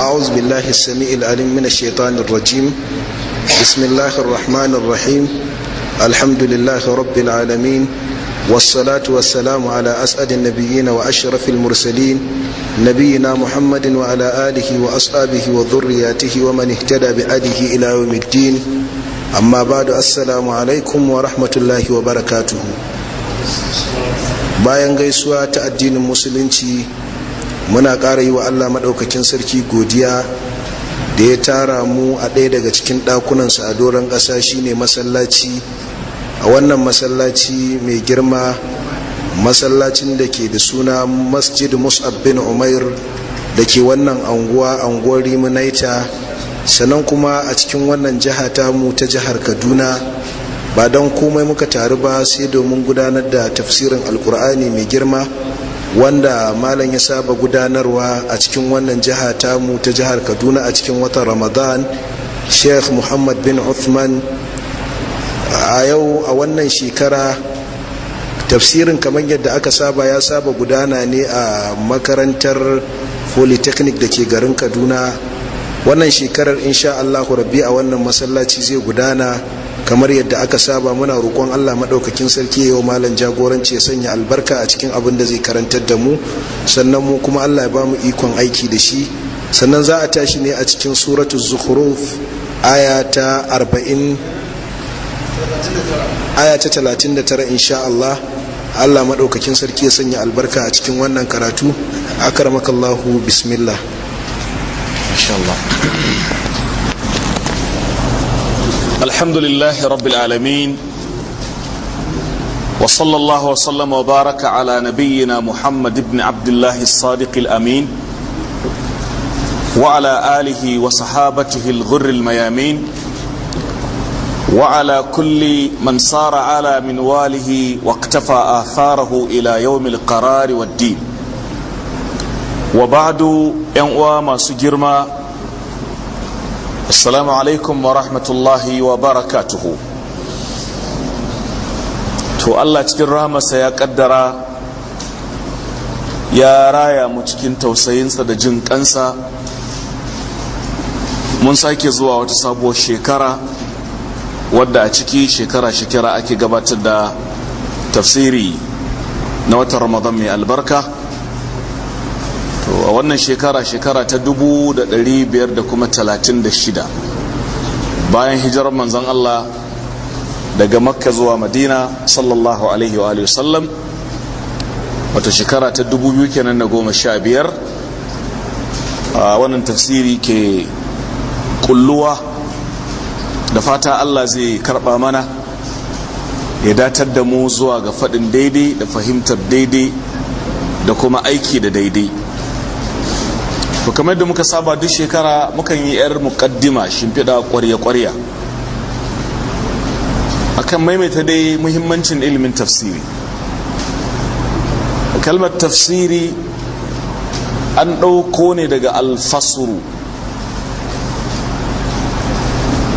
أعوذ بالله السميع العليم من الشيطان الرجيم بسم الله الرحمن الرحيم الحمد لله رب العالمين والصلاة والسلام على أسعد النبيين وأشرف المرسلين نبينا محمد وعلى آله وأصحابه وذرياته ومن اهتدى بأده إلى يوم الدين أما بعد السلام عليكم ورحمة الله وبركاته bayan gaisuwa ta addinin musulunci muna ƙara yi wa allah maɗaukacin sarki godiya da ya tara mu a ɗaya daga cikin ɗakunansa a doron ƙasa shine masallaci a wannan masallaci mai girma masallacin da ke da suna masjid mus'ab bin umair da ke wannan anguwa anguwar rimunaita sannan kuma a cikin wannan jiha mu ta jihar kaduna ba don komai muka taru ba sai domin gudanar da tafsirin alkur'ani mai girma wanda malam ya saba gudanarwa a cikin wannan jiha tamu ta jihar kaduna a cikin watan ramadan sheikh muhammad bin uthman a yau a wannan shekara tafsirin kamar yadda aka saba ya saba gudana ne a makarantar polytechnic da ke garin kaduna wannan shekarar insha allahu rabbi a wannan masallaci zai gudana kamar yadda aka saba muna roƙon Allah maɗaukakin sarki yau malam jagoranci ya sanya albarka a cikin abin da zai karantar da mu sannan mu kuma Allah ya ba mu ikon aiki da shi sannan za a tashi ne a cikin suratu zukhruf aya ta 40 aya ta 39 insha Allah Allah maɗaukakin sarki ya sanya albarka a cikin wannan karatu akramakallahu bismillah insha Allah الحمد لله رب العالمين وصلى الله وسلم وبارك على نبينا محمد بن عبد الله الصادق الأمين وعلى آله وصحابته الغر الميامين وعلى كل من صار على منواله واقتفى آثاره إلى يوم القرار والدين وبعد أنواما ما سجرما alaikum wa ورحمة wa وبركاته to Allah cikin rahamarsa ya kaddara ya raya mu cikin tausayinsa da jin kansa mun sake zuwa wata sabuwar shekara wadda a ciki shekara-shekara ake gabatar da tafsiri na watan ramadan mai albarka a wannan shekara shekara ta dubu da ɗari biyar da kuma talatin da shida bayan hijirar manzon Allah daga makka zuwa madina sallallahu alaihi wa alihi wasallam wata shekara ta dubu biyu kenan da goma sha biyar a wannan tafsiri ke kulluwa da fata Allah zai karɓa mana ya datar da mu zuwa ga faɗin daidai da fahimtar daidai da kuma aiki da daidai to kamar da muka saba duk shekara mukan yi 'yar mukaddima shimfiɗa ƙwarya-ƙwarya akan maimaita dai muhimmancin ilimin tafsiri kalmar tafsiri an ɗauko ne daga alfasuru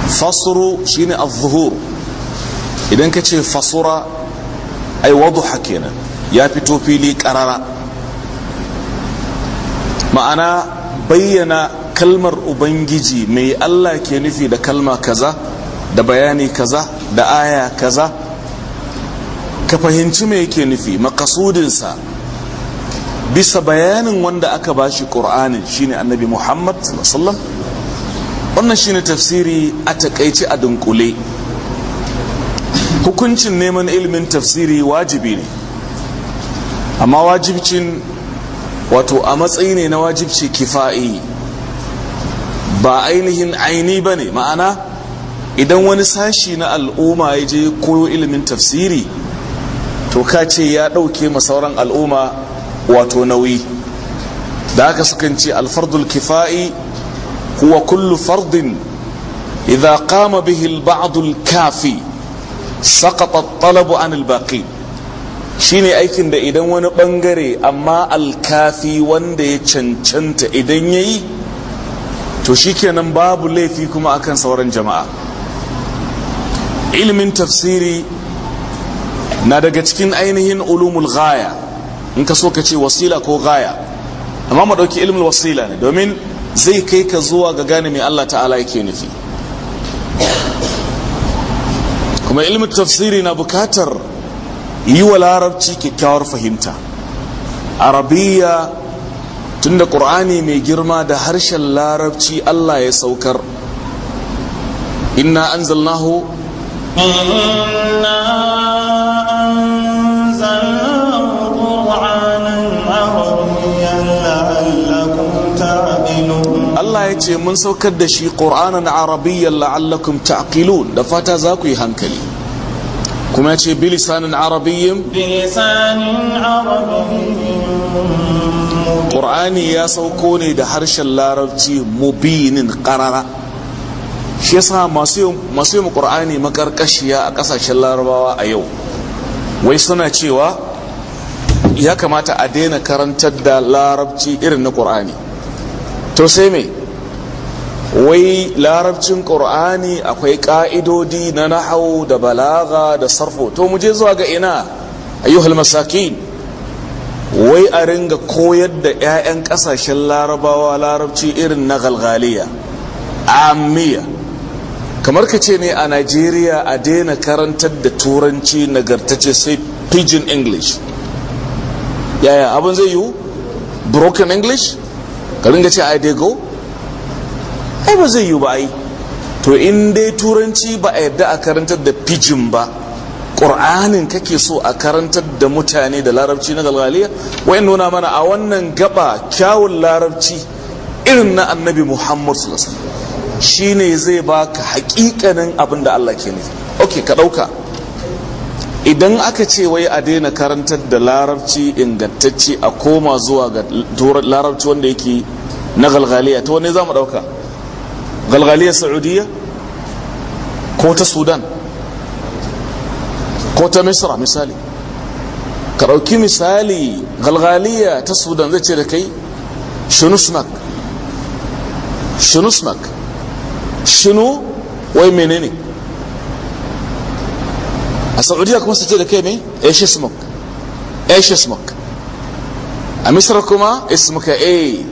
fasuru shine al idan ka ce fasura ai waduha kenan ya fito fili ƙarara ma'ana bayyana kalmar ubangiji mai allah ke nufi da kalma kaza da bayani kaza da aya kaza ka fahimci mai ke nufi makasudinsa bisa bayanin wanda aka bashi ƙur'anin shine annabi muhammad sallam wannan shine tafsiri a takaici a dunkule hukuncin neman ilimin tafsiri wajibi ne amma wajibcin wato a matsayi ne na wajibci kifa'i ba ainihin aini ba ne ma'ana idan wani sashi na al'umma ya je koyo ilimin tafsiri to ka ce ya ɗauke masauran al'umma wato nauyi da haka sukan ce alfardul kifa'i huwa kullu fardin idan kama bihi al kafi saqata at-talab an al shine aikin da idan wani bangare amma alkafi wanda ya cancanta idan ya yi to shikenan babu laifi kuma akan sauran jama'a ilimin tafsiri na daga cikin ainihin ulumul gaya in ka so ka ce wasila ko gaya amma mu ɗauki ilimin wasila ne domin zai kai ka zuwa ga gane mai Allah ta'ala yake nufi kuma ilimin tafsiri na bukatar yi wa larabci kyakkyawar fahimta arabiya tunda ƙur'ani mai girma da harshen larabci allah ya saukar inna anzalnahu Allah ya ce mun saukar da shi ƙur'anan arabiyyar la'allakum ta'qilun da fata za ku yi hankali kuma ya ce bilisanin arabiyyin ƙorani ya sauko ne da harshen larabci mubinin ƙarara shi ya sa masu yin ƙur'ani makarƙashiya a ƙasashen larabawa a yau wai suna cewa ya kamata a daina karantar da larabci irin na ƙorani to sai mai wai larabcin ƙur'ani akwai ƙa'idodi na nahau da balaga da sarfo to mu je zuwa ga ina ayyuhal masakin wai a ringa koyar da 'ya'yan ƙasashen larabawa larabci irin na galgaliya amiya kamar ka ce ne a najeriya a daina karantar da turanci nagartace sai pidgin english yaya abin zai yiwu broken english ka ringa ce i dey go ai ba zai yi ba ai to in dai turanci ba a yadda a karantar da pidgin ba ƙur'anin kake so a karantar da mutane da larabci na galgaliya wayan nuna mana a wannan gaba kyawun larabci irin na annabi muhammad sallallahu alaihi shine zai baka hakikanin abin da Allah ke nufi okay ka dauka idan aka ce wai a daina karantar da larabci ingantacce a koma zuwa ga larabci wanda yake na galgaliya ta wani za mu ɗauka. galgaliyar saudiya ko ta sudan ko ta misra misali ka ɗauki misali galgaliya ta sudan zai ce da kai shinusnak shinusnak shinu wai menene a saudiya kuma su ce da kai ne ashe smoke ashe smoke a misra kuma ismuka a eh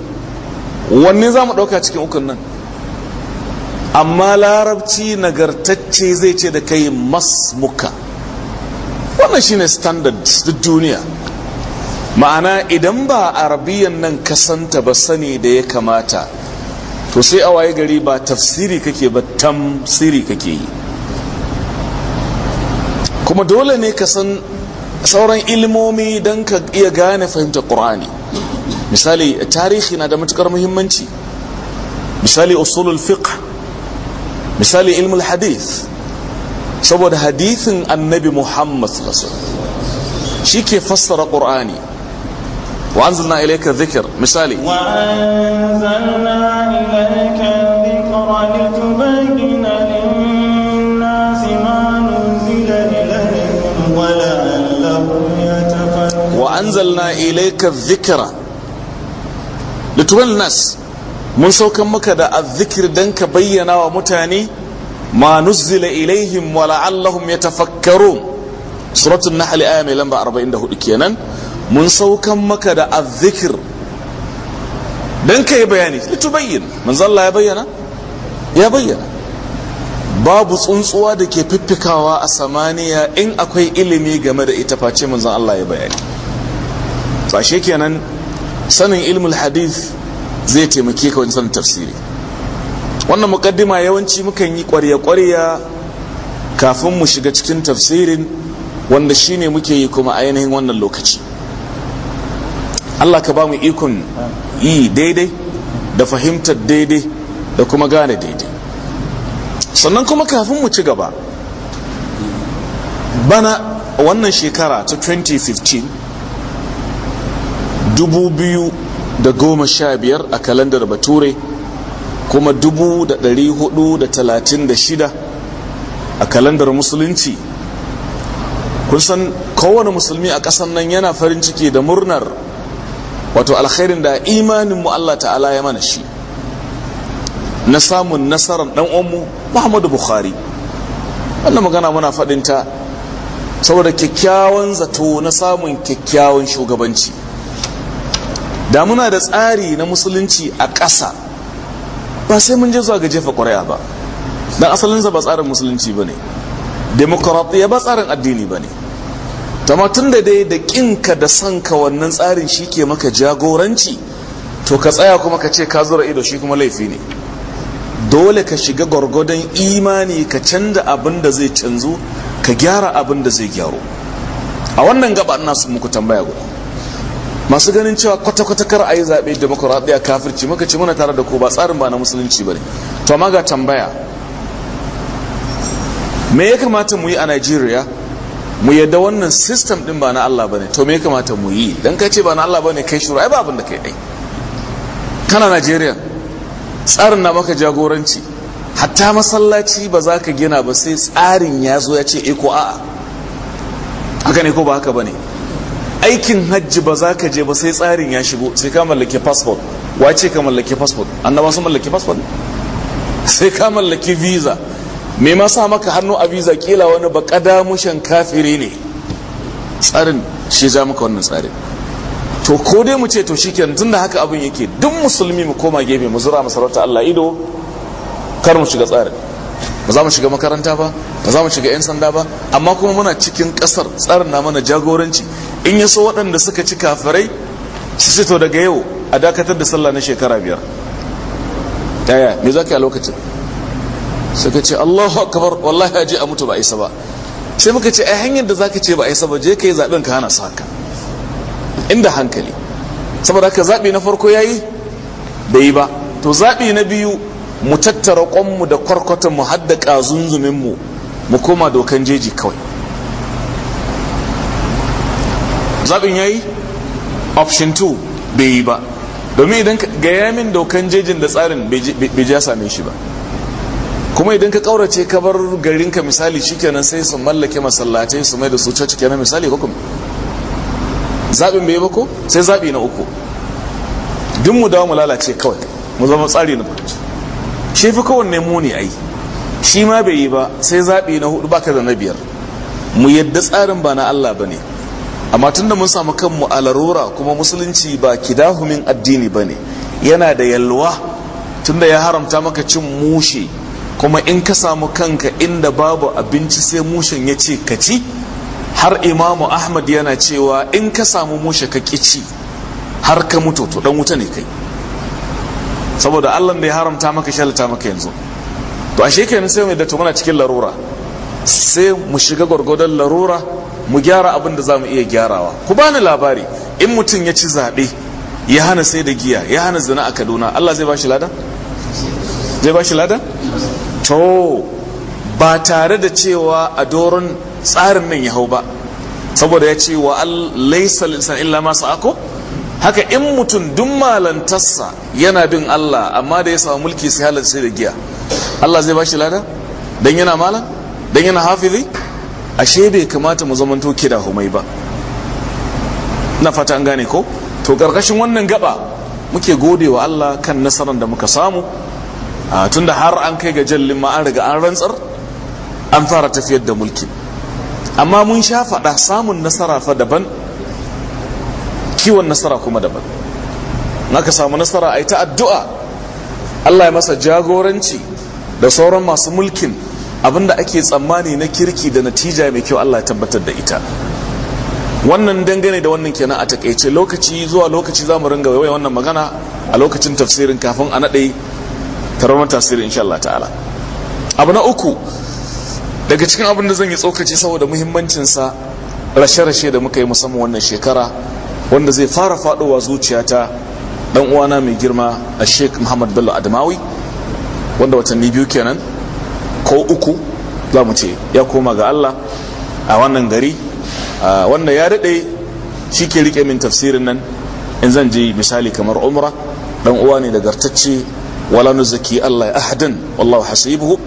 Wannan za mu ɗauka cikin ukun nan amma larabci nagartacce zai ce da kai masmuka wannan shine standard duk duniya ma'ana idan ba arabiyan nan kasanta ba sani da ya kamata to sai a waye gari ba tafsiri kake ba tamsiri kake yi kuma dole ne ka san sauran ilmomi don ka iya gane fahimtar ƙur'ani misali tarihi na da matukar muhimmanci misali usulul fiqh علم الحديث حديث النبي محمد صلى الله عليه وسلم shi كيف فسر قرآني وأنزلنا إليك الذكر مثالي وأنزلنا إليك الذكر لتبين للناس ما نزل إليهم ولعلهم يتفكرون وأنزلنا إليك الذكر لتبين للناس mun saukan maka da azzikir dan ka bayyana wa mutane ma nuzzila ilaihim wa la'allahum yatafakkarun suratul nahl aya mai lamba 44 kenan mun saukan maka da azzikir dan ka yi bayani litubayyin manzo Allah ya bayyana ya bayyana babu tsuntsuwa da ke fiffikawa a samaniya in akwai ilimi game da ita face manzon Allah ya bayani fashe kenan sanin ilmul hadith zai taimake ka wajen sanin tafsiri wannan mukaddima yawanci mukan yi ƙwarya-ƙwarya kafin mu shiga cikin tafsirin wanda shine muke yi kuma ainihin wannan lokaci Allah ka ba mu ikon yi daidai da fahimtar daidai da kuma gane daidai sannan kuma kafin mu ci gaba bana wannan shekara ta 2015 dubu biyu da goma sha biyar a kalandar bature kuma dubu da ɗari hudu da talatin da shida a kalandar musulunci kun san kowane musulmi a ƙasar nan yana farin ciki da murnar wato alkhairin da imanin mu Allah ta'ala ya mana shi na samun nasarar dan uwanmu Muhammadu Bukhari wannan magana muna faɗinta saboda kyakkyawan zato na samun kyakkyawan shugabanci da muna da tsari na musulunci a ƙasa ba sai mun je zuwa ga jefa ƙuri'a ba dan asalinsa ba tsarin musulunci ba ne demokaratiyya ba tsarin addini ba ne tun da dai da ƙinka da ka wannan tsarin shi ke maka jagoranci to ka tsaya kuma ka ce ka zura ido shi kuma laifi ne dole ka shiga gwargwadon imani ka canza abin da zai canzu ka gyara abin da zai gyaro a wannan gaba ina su muku tambaya guda masu ganin cewa kwata-kwata kar a yi zaɓe demokuraɗiyya kafirci muka ce muna tare da ku ba tsarin ba na musulunci ba ne to amma ga tambaya me ya kamata mu yi a nigeria mu yadda wannan system din ba na allah ba ne to me ya kamata mu yi don ka ce ba na allah ba ne kai shuru ai ba abin da kai ɗai kana nigeria tsarin na maka jagoranci hatta masallaci ba za ka gina ba sai tsarin ya zo ya ce eko eh a'a haka ne ko ba haka ba ne aikin hajji ba za ka je ba sai tsarin ya shigo sai ka mallake passport wace ka mallake passport annaba sun mallake passport sai ka mallaki visa me ma sa maka hannu a visa kila wani ba kadamushan kafiri ne tsarin shi ja maka wannan tsarin to ko dai mu ce to shikenan da haka abin yake duk musulmi mu koma gefe mu zura masarauta Allah ido kar mu shiga tsarin ba za mu shiga makaranta ba ba za mu shiga 'yan sanda ba amma kuma muna cikin kasar tsarin na mana jagoranci in ya so waɗanda suka ci kafirai su sito daga yau a dakatar da sallah na shekara biyar yaya me za ka yi a lokacin suka ce allahu akbar wallahi aje a mutu ba a isa ba sai muka ce a hanyar da za ka ce ba a isa ba je ka yi zaɓen ka hana sa inda hankali saboda haka zaɓi na farko ya yi bai yi ba to zaɓi na biyu mu tattara kwanmu da kwarkwatan mu hadda zunzuminmu mu mu koma dokan jeji kawai zaɓin ya yi option 2 bai yi ba domin idan ga yamin dokan jejin da tsarin bai ja same shi ba kuma idan ka ƙaurace ka bar garinka misali shikenan sai su mallake masallatai su mai da su coci kenan misali kuma zaɓin bai ba ko sai zaɓi na uku duk mu dawo mu lalace kawai mu zama tsari na farci shi fi kowanne muni ai shi ma bai yi ba sai zaɓi na hudu baka da na biyar mu yadda tsarin ba na Allah ba ne amma tunda mun samu kanmu a larura kuma musulunci ba kidahumin addini ba ne yana da yalwa tunda ya haramta maka cin mushe kuma in ka samu kanka inda babu abinci sai mushen ya ce ka ci har imamu ahmad yana cewa in ka samu mushe ka ƙi ci har ka mutu to ɗan wuta ne kai saboda Allah da haramta maka shalata maka yanzu to ashe kenan sai mu da to cikin larura sai mu shiga gwargwadon larura mu gyara abin da zamu iya gyarawa ku bani labari in mutum ya ci zaɓe ya hana sai da giya ya hana zina a Kaduna Allah zai bashi lada zai bashi lada to ba tare da cewa a doron tsarin nan ya hau ba saboda ya ce wa al laysa in illa ma sa'ako haka in mutum duk malantarsa yana bin Allah amma da ya samu mulki sai halar sai da giya Allah zai bashi lada dan yana malam dan yana hafizi ashe bai kamata mu zamanto kida humai ba na fata an gane ko to karkashin wannan gaba muke gode wa Allah kan nasarar da muka samu tunda har an kai ga jallin ma an riga an rantsar an fara tafiyar da mulki amma mun sha faɗa samun nasara fa daban kiwon nasara kuma daban naka samu nasara a yi ta addu'a Allah ya masa jagoranci da sauran masu mulkin abinda ake tsammani na kirki da natija mai kyau Allah ya tabbatar da ita wannan dangane da wannan kenan a takaice lokaci zuwa lokaci za mu ringa waiwai wannan magana a lokacin tafsirin kafin a naɗe taron tafsiri insha Allah ta'ala abu na uku daga cikin abin da zan yi tsokaci saboda muhimmancinsa rashe-rashe da muka yi musamman wannan shekara wanda zai fara faɗowa zuciyata dan uwana mai girma a sheik muhammad bello adamawi wanda watanni biyu kenan ko uku za mu ce ya koma ga allah a wannan gari wanda ya daɗe shi ke rike min tafsirin nan in zan je misali kamar umra dan uwa ne da gartacce wala nuzaki allah ya wallahu hasibuhu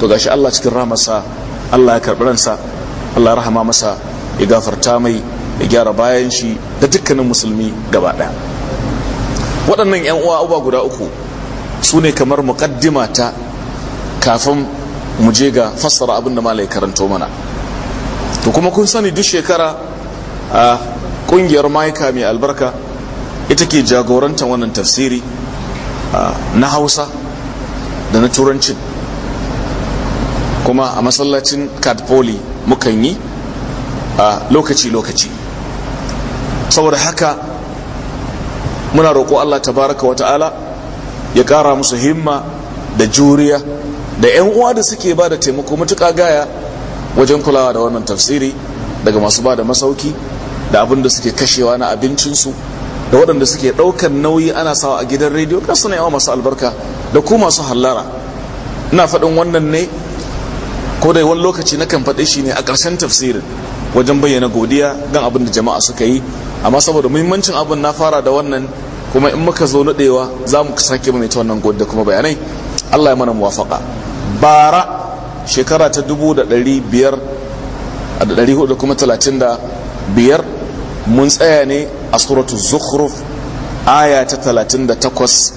to gashi allah cikin ramasa allah ya karɓi ransa allah rahama masa ya gafarta mai ya gyara bayan shi da dukkanin musulmi gaba ɗaya waɗannan 'yan uwa uba guda uku su ne kamar muƙaddima ta kafin mu je ga fassara abin da malai karanto mana to kuma kun sani duk shekara a ƙungiyar maika mai albarka ita ke jagorantar wannan tafsiri na hausa da na turancin kuma a masallacin katpoli mukan yi a lokaci-lokaci saboda haka muna roƙo Allah tabaraka wa ta'ala ya ƙara musu himma da juriya da 'yan uwa da suke ba da taimako matuƙa gaya wajen kulawa da wannan tafsiri daga masu ba da masauki da abin da suke kashewa na abincinsu da waɗanda suke ɗaukar nauyi ana sawa a gidan rediyo kan suna yawa masu albarka da ku masu hallara ina faɗin wannan ne ko dai wani lokaci nakan faɗi shi ne a ƙarshen tafsirin wajen bayyana godiya gan abin da jama'a suka yi amma saboda muhimmancin abin na fara da wannan kuma in muka zo nadewa za mu sake mai ta wannan godiya kuma bayanai Allah ya mana muwafaka bara shekara ta dubu da ɗari biyar da ɗari hudu kuma talatin da biyar mun tsaya ne a suratu zukhruf aya ta talatin da takwas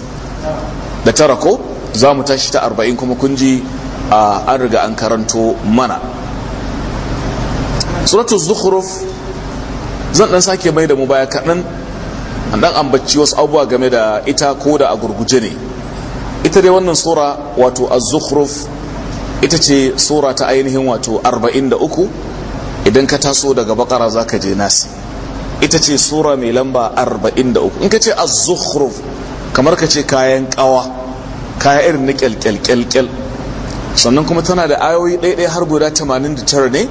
da tara ko za mu tashi ta arba'in kuma kun ji an riga an karanto mana suratu zukhruf zan dan sake mai da mu baya kaɗan an dan ambaci wasu abubuwa game da ita ko da agurguje ne ita dai wannan sura wato az-zukhruf ita ce sura ta ainihin wato 43 idan ka taso daga bakara zaka je nasi ita ce sura mai lamba 43 in ka ce az-zukhruf kamar ka ce kayan kawa kaya irin na kyalkyalkyalkyal sannan kuma tana da ayoyi ɗaya har guda 89 ne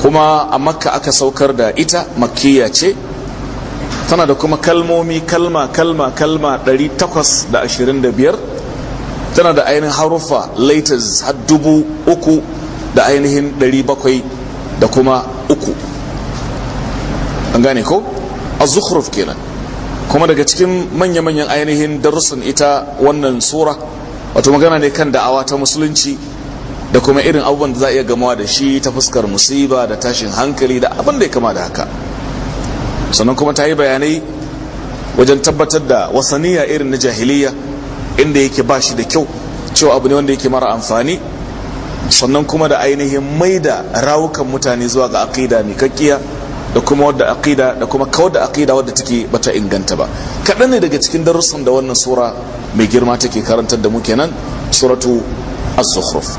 kuma a makka aka saukar da ita makkiya ce tana da kuma kalmomi kalma kalma kalma 825 tana da ainihin haruffa latest har dubu uku da ainihin 700 da kuma uku an gane ko a zukhruf kenan kuma daga cikin manya-manyan ainihin darussan ita wannan sura wato magana ne kan da'awa ta musulunci da kuma irin abubuwan da za a iya gamawa da shi ta fuskar musiba da tashin hankali da abin da ya kama da haka sannan kuma ta yi bayanai wajen tabbatar da wasaniya irin na jahiliya inda yake ba shi da kyau cewa abu ne wanda yake mara amfani sannan kuma da ainihin mai da rawukan mutane zuwa ga aqida mikakkiya da kuma wadda aqida da kuma kawar da aqida wadda take bata inganta ba kaɗan ne daga cikin darussan da wannan sura mai girma take karantar da mu kenan suratu az zukhruf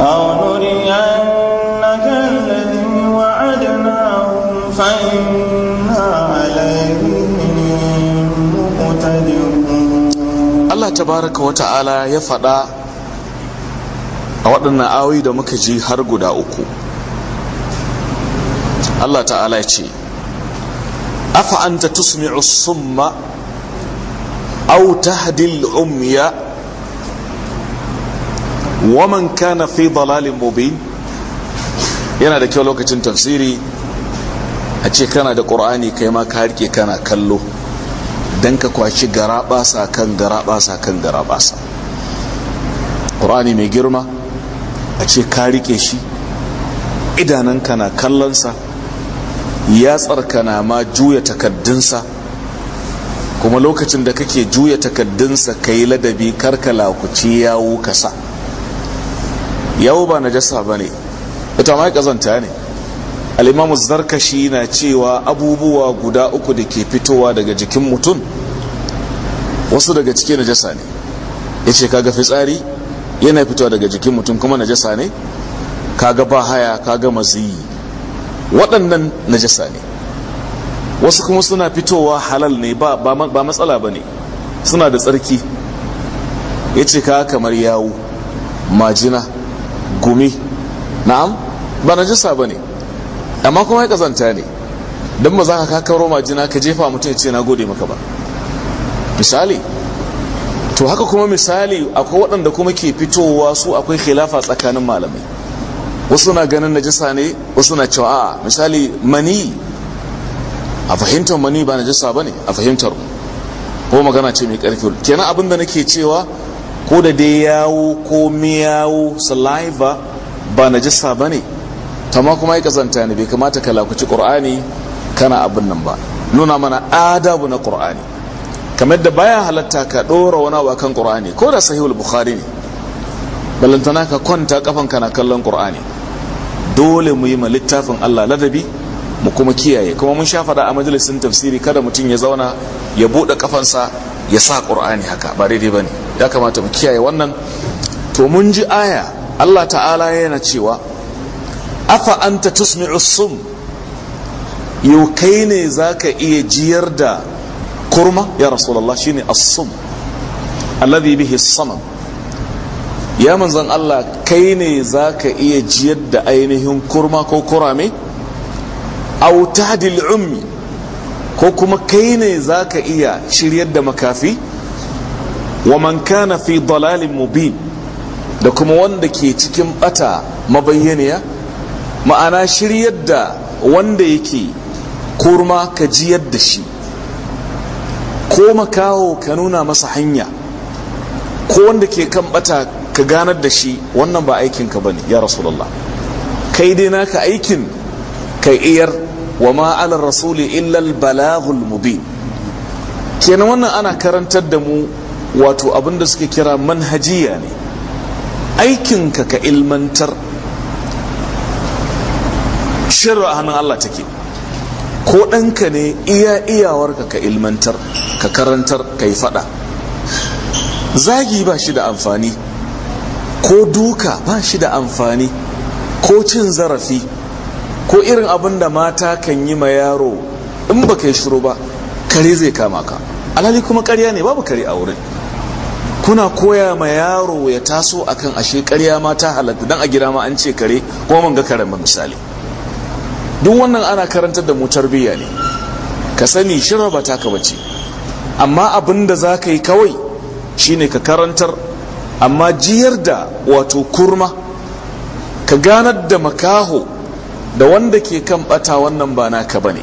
أو نرينك الذي وعدناهم فإنا عليهم مقتدرون الله تبارك وتعالى يفضى a waɗannan awi da muka ji har guda uku Allah ta'ala ce afa anta tusmi'u summa aw tahdil umya waman kana fi dalalin mubin yana da kyau lokacin tafsiri a ce kana da ƙur'ani kai ma ka harke kana kallo don ka kwashi basa kan gara basa kan gara basa. ƙur'ani mai girma a ce ka harke shi idananka na kallonsa Ya na ma juya takaddunsa kuma lokacin da kake juya takaddunsa ka yi ladabi karka lakuci ya wuka sa yawo ba najasa bane ita ma kazanta ne alimamu zarkashi na cewa abubuwa guda uku da ke fitowa daga jikin mutum wasu daga cikin najasa ne ya ce kaga fitsari yana fitowa daga jikin mutum kuma najasa ne kaga bahaya kaga maziyi waɗannan najasa ne wasu kuma suna fitowa halal ne ba, matsala ba ne suna da tsarki ya ce kaga kamar yawo majina gumi na'am ba jisa ba ne amma kuma ya kazanta ne don ba za ka kakaro majina ka jefa mutum ya ce na gode maka ba misali to haka kuma misali akwai waɗanda kuma ke fitowa su akwai khilafa tsakanin malamai wasu na ganin najasa ne wasu na cewa a misali mani a fahimtar mani ba najasa ba ne a fahimtar ko magana ce mai ƙarfi kenan abin da nake cewa ko da dai yawo ko miyawo saliva ba na jisa ba ne tamma kuma ya kazanta ne bai kamata ka lakuci qur'ani kana abin nan ba nuna mana adabu na qur'ani kamar da baya halatta ka ɗora wani wa kan qur'ani ko da sahihul bukhari ne balantana ka kwanta kafan kana kallon qur'ani dole mu yi ma littafin Allah ladabi mu kuma kiyaye kuma mun sha faɗa a majalisin tafsiri kada mutum ya zauna ya buɗe kafansa ya sa ƙur'ani haka ba daidai ba ne ya kamata mu kiyaye wannan to mun ji aya allah ta'ala yana cewa afa anta tusmi'u sum yau kai ne za ka iya jiyar da kurma ya rasulallah shine as-sum alladhi bihi samam ya manzon allah kai ne za ka iya jiyar da ainihin kurma ko kurame autadil ummi ko kuma kai ne za ka iya shiryar da makafi wa man kana fi dalalin mubin da kuma wanda ke cikin bata mabayyaniya ma'ana shiryar da wanda yake kurma ka jiyar da shi ko makaho ka nuna masa hanya ko wanda ke kan bata ka ganar da shi wannan ba aikinka ba ne ya rasulallah kai dai naka aikin ka iyar wa ma ala rasuli illa balagul mubin kenan wannan ana karantar da mu wato abinda suke kira manhajiya ne aikinka ka ilmantar shirra a hannun Allah take ko ɗanka ne iya iyawarka ka ilmantar ka karantar ka yi faɗa zagi ba shi da amfani ko duka ba shi da amfani ko cin zarafi ko irin abin da mata kan yi ma yaro in ba ka yi shiru ba kare zai kama ka alhali kuma karya ne babu kare a wurin kuna koya ma yaro ya taso akan ashe karya ma ta halatta dan a gida ma an ce kare kuma man ga karen ba misali duk wannan ana karantar da mu tarbiyya ne ka sani shirar ba taka bace amma abin da za ka yi kawai shine ka karantar amma jiyar da wato kurma ka ganar da makaho da wanda ke kan bata wannan ba naka bane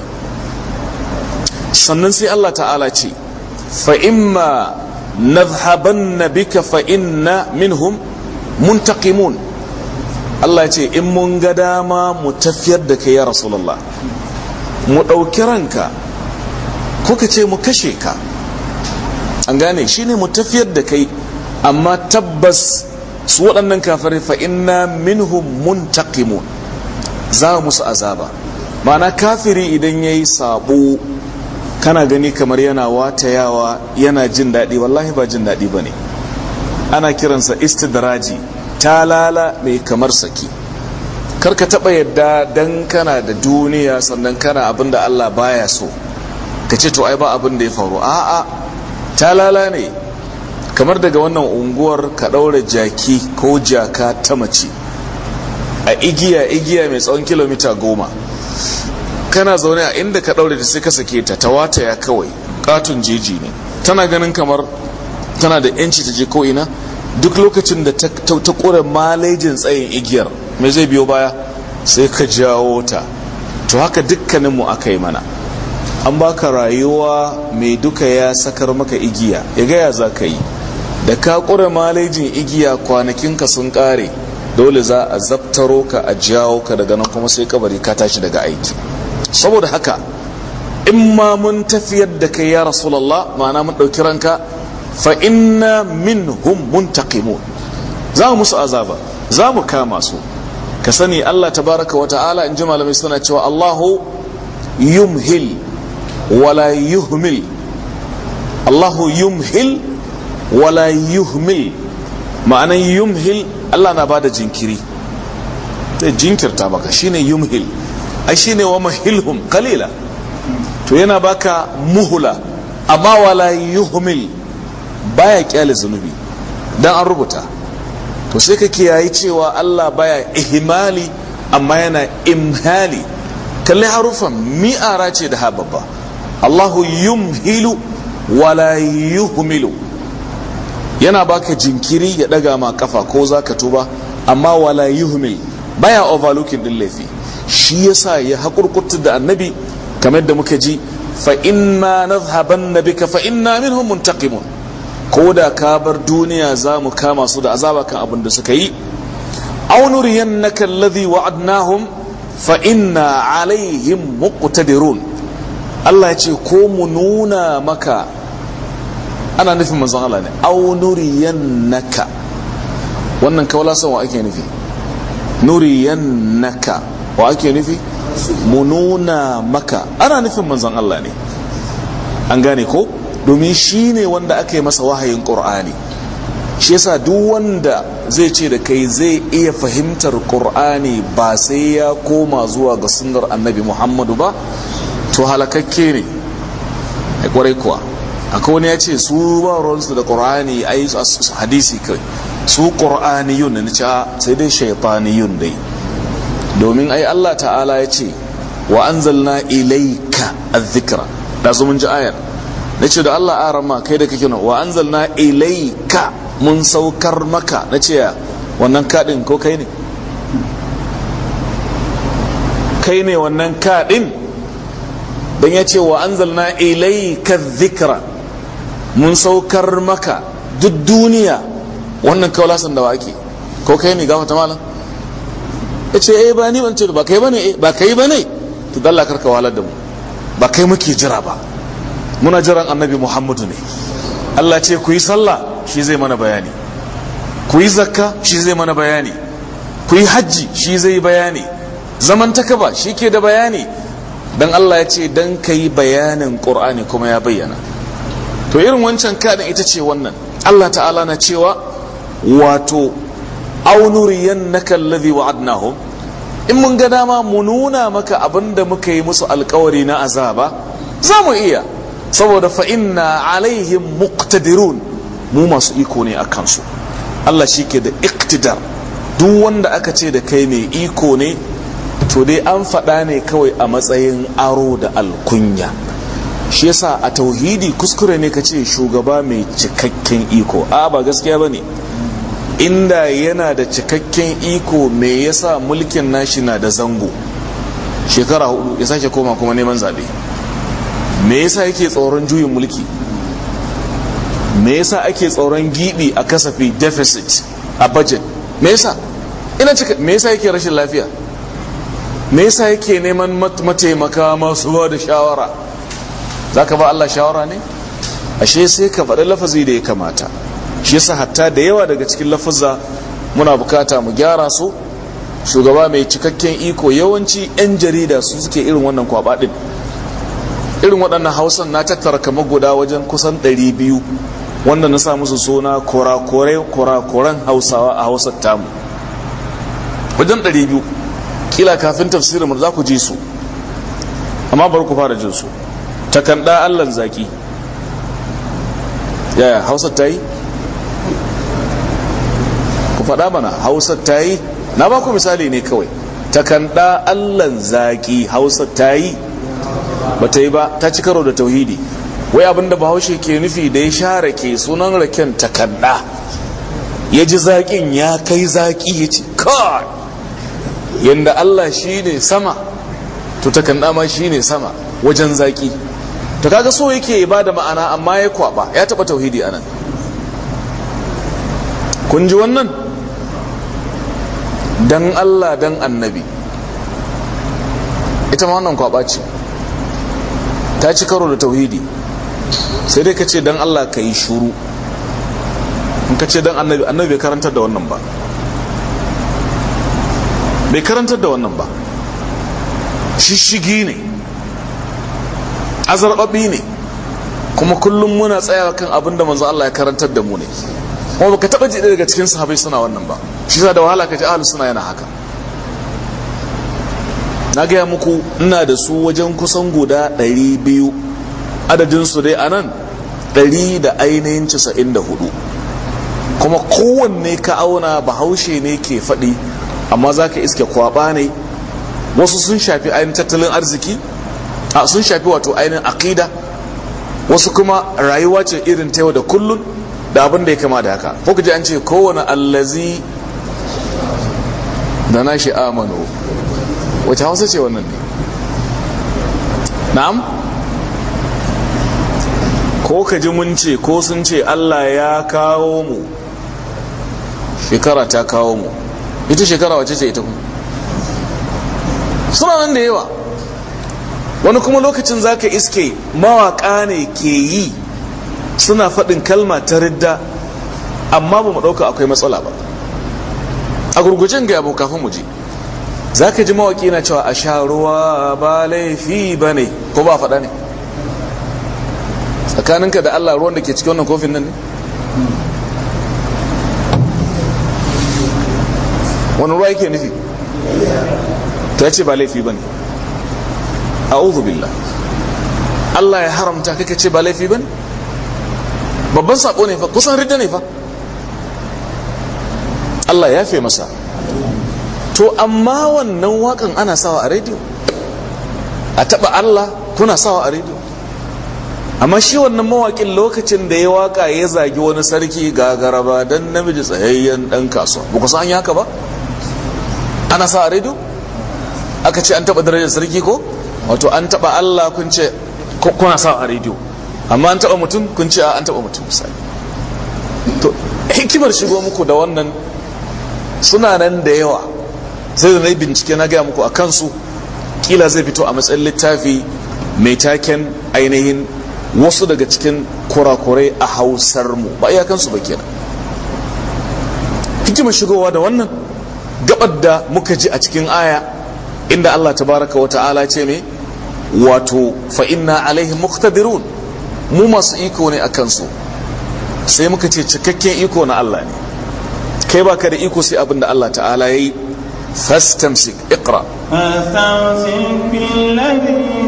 sannan sai Allah ta'ala ce fa imma nadhhabanna bika fa minhum muntaqimun Allah ce in mun ga dama mu tafiyar da kai ya rasulullah mu ɗauki ranka kuka ce mu kashe ka an gane shine mu tafiyar da kai amma tabbas su waɗannan kafare fainna inna minhum muntaqimun za musu azaba ma'ana kafiri idan ya yi sabo kana gani kamar yana watayawa yana jin daɗi wallahi ba jin daɗi ba ne ana kiransa istidraji talala mai kamar saki karka taɓa yadda don kana da duniya sannan kana abin da allah baya so ka ce to ai ba abin da ya faru a'a talala ne kamar daga wannan unguwar ka ɗaura jaki ko jaka ta mace a igiya igiya mai tsawon kilomita goma kana zaune a inda ka ɗaure da sai ka sake ta tawata ya kawai katon jeji ne tana ganin kamar tana da yanci ta je ko'ina. duk lokacin da ta ta kore tsayin igiyar me zai biyo baya sai ka jawo ta to haka dukkanin mu aka yi mana an baka rayuwa mai duka ya sakar maka igiya ya gaya za ka yi da ka ƙura malejin igiya kwanakinka sun kare dole za a zabtaro ka a jawo ka daga nan kuma sai kabari ka tashi daga aiki saboda haka in ma mun tafiyar da kai ya rasulallah ma'ana mun ɗauki ranka fa inna minhum muntaqimun za mu musu azaba za mu kama su ka sani Allah tabaraka wa ta'ala in ji malamai suna cewa Allahu yumhil wala yuhmil Allahu yumhil wala yuhmil ma'anan yumhil Allah na bada jinkiri zai jinkirta baka shine yumhil ai shine wa mahilhum qalila to yana baka muhula amma wala yuhmil baya kyale zunubi dan an rubuta to sai ka kiyaye cewa Allah baya ihmali amma yana imhali kalli harufan mi'ara ce da ha babba Allahu yumhilu wala yuhmilu yana baka jinkiri ya daga ma kafa ko za ka tuba amma wala yuhmil baya overlooking din laifi shi yasa ya hakurkurtu da annabi kamar da muka ji fa inna nadhhabanna bika fa inna minhum muntaqimun ko da ka bar duniya za mu kama su da azaba kan abin da suka yi aw nuriyannaka alladhi wa'adnahum fa inna alaihim muqtadirun Allah ya ce ko mu nuna maka ana nufin manzon Allah ne aw nuriyannaka wannan kawala san wa ake nufi nuriyannaka wa ake nufi mununa maka ana nufin manzon Allah ne an gane ko domin shi ne wanda aka masa wahayin ƙur'ani shi yasa duk wanda zai ce da kai zai iya fahimtar ƙur'ani ba sai ya koma zuwa ga sunnar annabi muhammadu ba to halakakke ne a kwarai kuwa akwai wani ya ce su ba ruwansu da ƙorani a yi hadisi kai su ƙorani yun na ca ah, sai dai shaifani yun dai domin ai Allah ta'ala ya ce wa an zalna ilaika zikira. da su mun ji ayar na ce da Allah aran ma kai da kake nan wa an zalna ilaika mun saukar maka na ce ya wannan kaɗin ko kai ne kai ne wannan kaɗin don ya ce wa an zalna ilaika zikira. mun saukar maka duk duniya wannan kawai lasan da wake ko kai ne ta malam ya ce eh ba ni ban ce ba kai ba ne eh, ba kai ba ne to dalla karka walar da mu ba kai muke jira ba muna jiran annabi muhammadu ne allah ce ku yi sallah shi zai mana bayani ku yi zakka shi zai mana bayani ku yi hajji shi zai bayani zamantaka ba shi ke da bayani dan allah ya ce dan ka yi bayanin ƙur'ani kuma ya bayyana to irin wancan kaɗin ita ce wannan Allah ta'ala na cewa wato aunuriyan na kallazi wa'adnahum in mun ga dama mu nuna maka abinda muka yi musu alkawari na azaba za mu iya saboda fa'inna alaihim muktadirun mu masu iko ne a kansu Allah shi ke da iktidar duk wanda aka ce da kai mai iko ne to dai an faɗa ne kawai a matsayin aro da alkunya shi yasa a tauhidi kuskure ne ka ce shugaba mai cikakken iko a ba gaskiya ba ne inda yana da cikakken iko me yasa mulkin nashi na da zango shekara hudu ya sake koma kuma neman zaɓe me yasa yake tsoron juyin mulki me yasa ake tsoron gibi a kasafi deficit a budget me yasa ina cika me yasa yake rashin lafiya me yasa yake neman mataimaka masu da shawara za ka ba Allah shawara ne ashe sai ka faɗi lafazi da ya kamata shi yasa hatta da yawa daga cikin lafaza muna bukata mu gyara su shugaba mai cikakken iko yawanci 'yan jarida su suke irin wannan kwaba irin waɗannan hausan na tattara kamar guda wajen kusan 200 wanda na sa musu suna kurakuran hausawa a hausar tamu wajen 200 kila kafin tafsirin za ku ji su amma bari ku fara jin su takarda allan zaki hausa ta yi ku faɗa mana hausa ta yi na ba ku misali ne kawai takarda allan zaki hausa ta yi ba ta yi ba ta ci karo da tauhidi wai abinda bahaushe ke nufi da ya sha ke sunan raken takanda? ya ji zaƙin ya kai zaƙi ya ce god yadda allah shi ne sama to takanda ma shi ne sama wajen zaƙi to kaga so yake ba da ma'ana amma ya kwaba ya taba tauhidi anan kun ji wannan dan Allah dan annabi ita ma wannan kwaba ce ta ci karo da tauhidi sai dai ka ce dan Allah ka yi shuru in ka ce dan annabi annabi karantar da wannan ba bai karantar da wannan ba shishigi ne azarbabi ne kuma kullum muna tsayawa kan abinda da manzo Allah ya karantar da mu ne kuma baka taba ji daga cikin sahabbai suna wannan ba shi yasa da wahala kaje ahlus suna yana haka na gaya muku ina da su wajen kusan guda 200 adadin su dai anan 100 da ainihin 94 kuma kowanne ka auna bahaushe ne ke faɗi amma zaka iske kwaba ne wasu sun shafi ainihin tattalin arziki sun shafi wato ainihin aqida wasu kuma rayuwa ce irin ta yau da kullun da abin da ya kama da haka ko ji an ce kowane allazi da na shi amano wace hausa ce wannan ne na'am ko ka ji mun ce ko sun ce allah ya kawo mu shekara ta kawo mu ita shekara wace ce ita kuma suna nan da yawa wani kuma lokacin za ka iske mawaƙa ne ke yi suna faɗin kalma ta ridda amma ba mu ɗauka akwai matsala ba a gurgujen ga abokan kafin mu je za ka ji mawaƙi na cewa a sha ruwa ba laifi ba ne ko ba faɗa ne tsakaninka da allah ruwan da ke cikin wannan kofin nan ne wani ruwa yake nufi ta ce ba laifi ba ne a'udhu billah Allah ya haramta kake ce ba laifi bane babban sako ne fa kusan ridda ne fa Allah ya fe masa to amma wannan wakan ana sawa a rediyo a taba Allah kuna sawa a rediyo amma shi wannan mawakin lokacin da ya waka ya zagi wani sarki gagara ba dan namiji tsayayyen dan kasuwa ba ku san yi haka ba ana sa a rediyo aka ce an taba darajar sarki ko wato an taba Allah kun ce kuna sa a rediyo amma an taba mutum kun ce an taba mutum misali to hikimar shigo muku da wannan suna nan da yawa sai da bincike na gaya muku a kansu kila zai fito a matsayin littafi mai taken ainihin wasu daga cikin kurakurai a hausar mu ba iya kansu ba kenan hikimar shigowa da wannan gabar da muka ji a cikin aya inda Allah tabaraka wa ta'ala ce mai wato fa inna alaihi muqtadirun mu masu iko ne akan su sai muka ce cikakken iko na Allah ne kai baka da iko sai abinda Allah ta'ala yayi fastamsik iqra fastamsik billadhi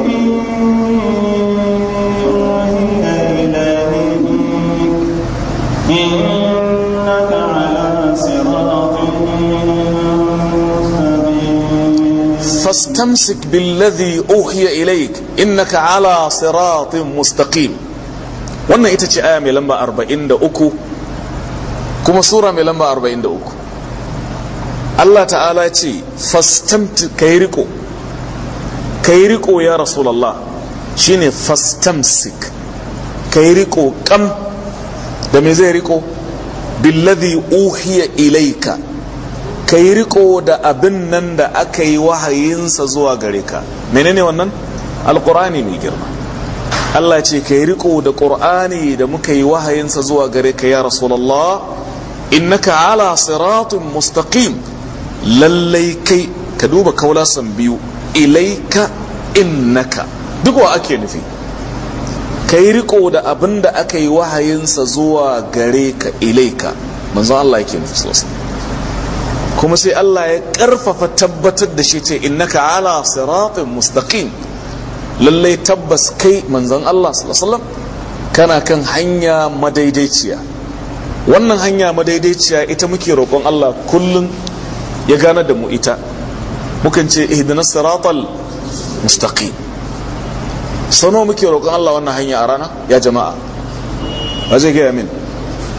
فاستمسك بالذي أوحي إليك إنك على صراط مستقيم wannan ita ce aya mai lamba 43 kuma sura mai lamba 43 Allah ta'ala ce fastamti kai riko kai riko ya rasulullah shine fastamsik kai riko kam da me zai riko billadhi uhiya ilaika ka yi riko da abin nan da aka yi wahayinsa zuwa gare ka menene wannan alkur'ani mai girma Allah ce ka yi riko da ƙur'ani da muka yi wahayinsa zuwa gare ka ya rasulallah innaka ala siratun mustaqim lallai kai ka duba kaulasan biyu ilaika innaka duk wa ake nufi ka yi riko da abin da aka yi wahayinsa zuwa gare ka ilaika manzon Allah yake nufi sosai kuma sai Allah ya ƙarfafa tabbatar da shi ce innaka ala siratin mustaqim lallai tabbas kai manzon Allah sallallahu kana kan hanya madaidaiciya wannan hanya madaidaiciya ita muke roƙon Allah kullum ya gane da mu ita mukan ce ihdinas siratal mustaqim sano muke roƙon Allah wannan hanya a rana ya jama'a zai gaya min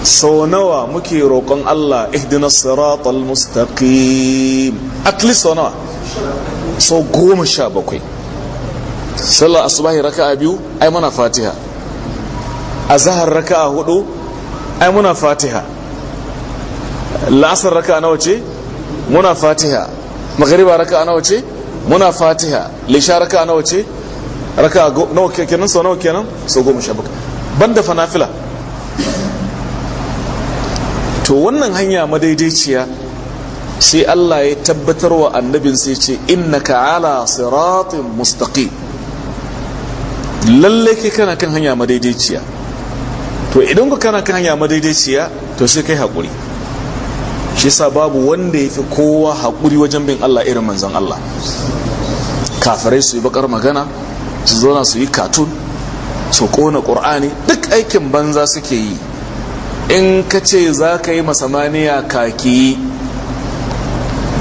sau nawa muke roƙon Allah ihdina siratal mustaqim at least sau nawa sau goma sha bakwai sallar asubahi raka'a biyu ai muna fatiha a zahar raka'a hudu ai muna fatiha la'asar raka'a nawa ce muna fatiha magariba raka'a nawa ce muna fatiha lisha raka'a nawa ce raka'a nawa kenan sau nawa kenan sau goma sha bakwai banda fanafila to wannan hanya madaidaiciya sai Allah ya tabbatar wa annabin sai ce innaka ala siratin mustaqim lalle kai kana kan hanya madaidaiciya to idan ku kana kan hanya madaidaiciya to sai kai hakuri shi yasa babu wanda yafi kowa hakuri wajen bin Allah irin manzan Allah kafirai su yi bakar magana su zauna su yi katun su kona qur'ani duk aikin banza suke yi in ka ce za ka yi masamaniya kaki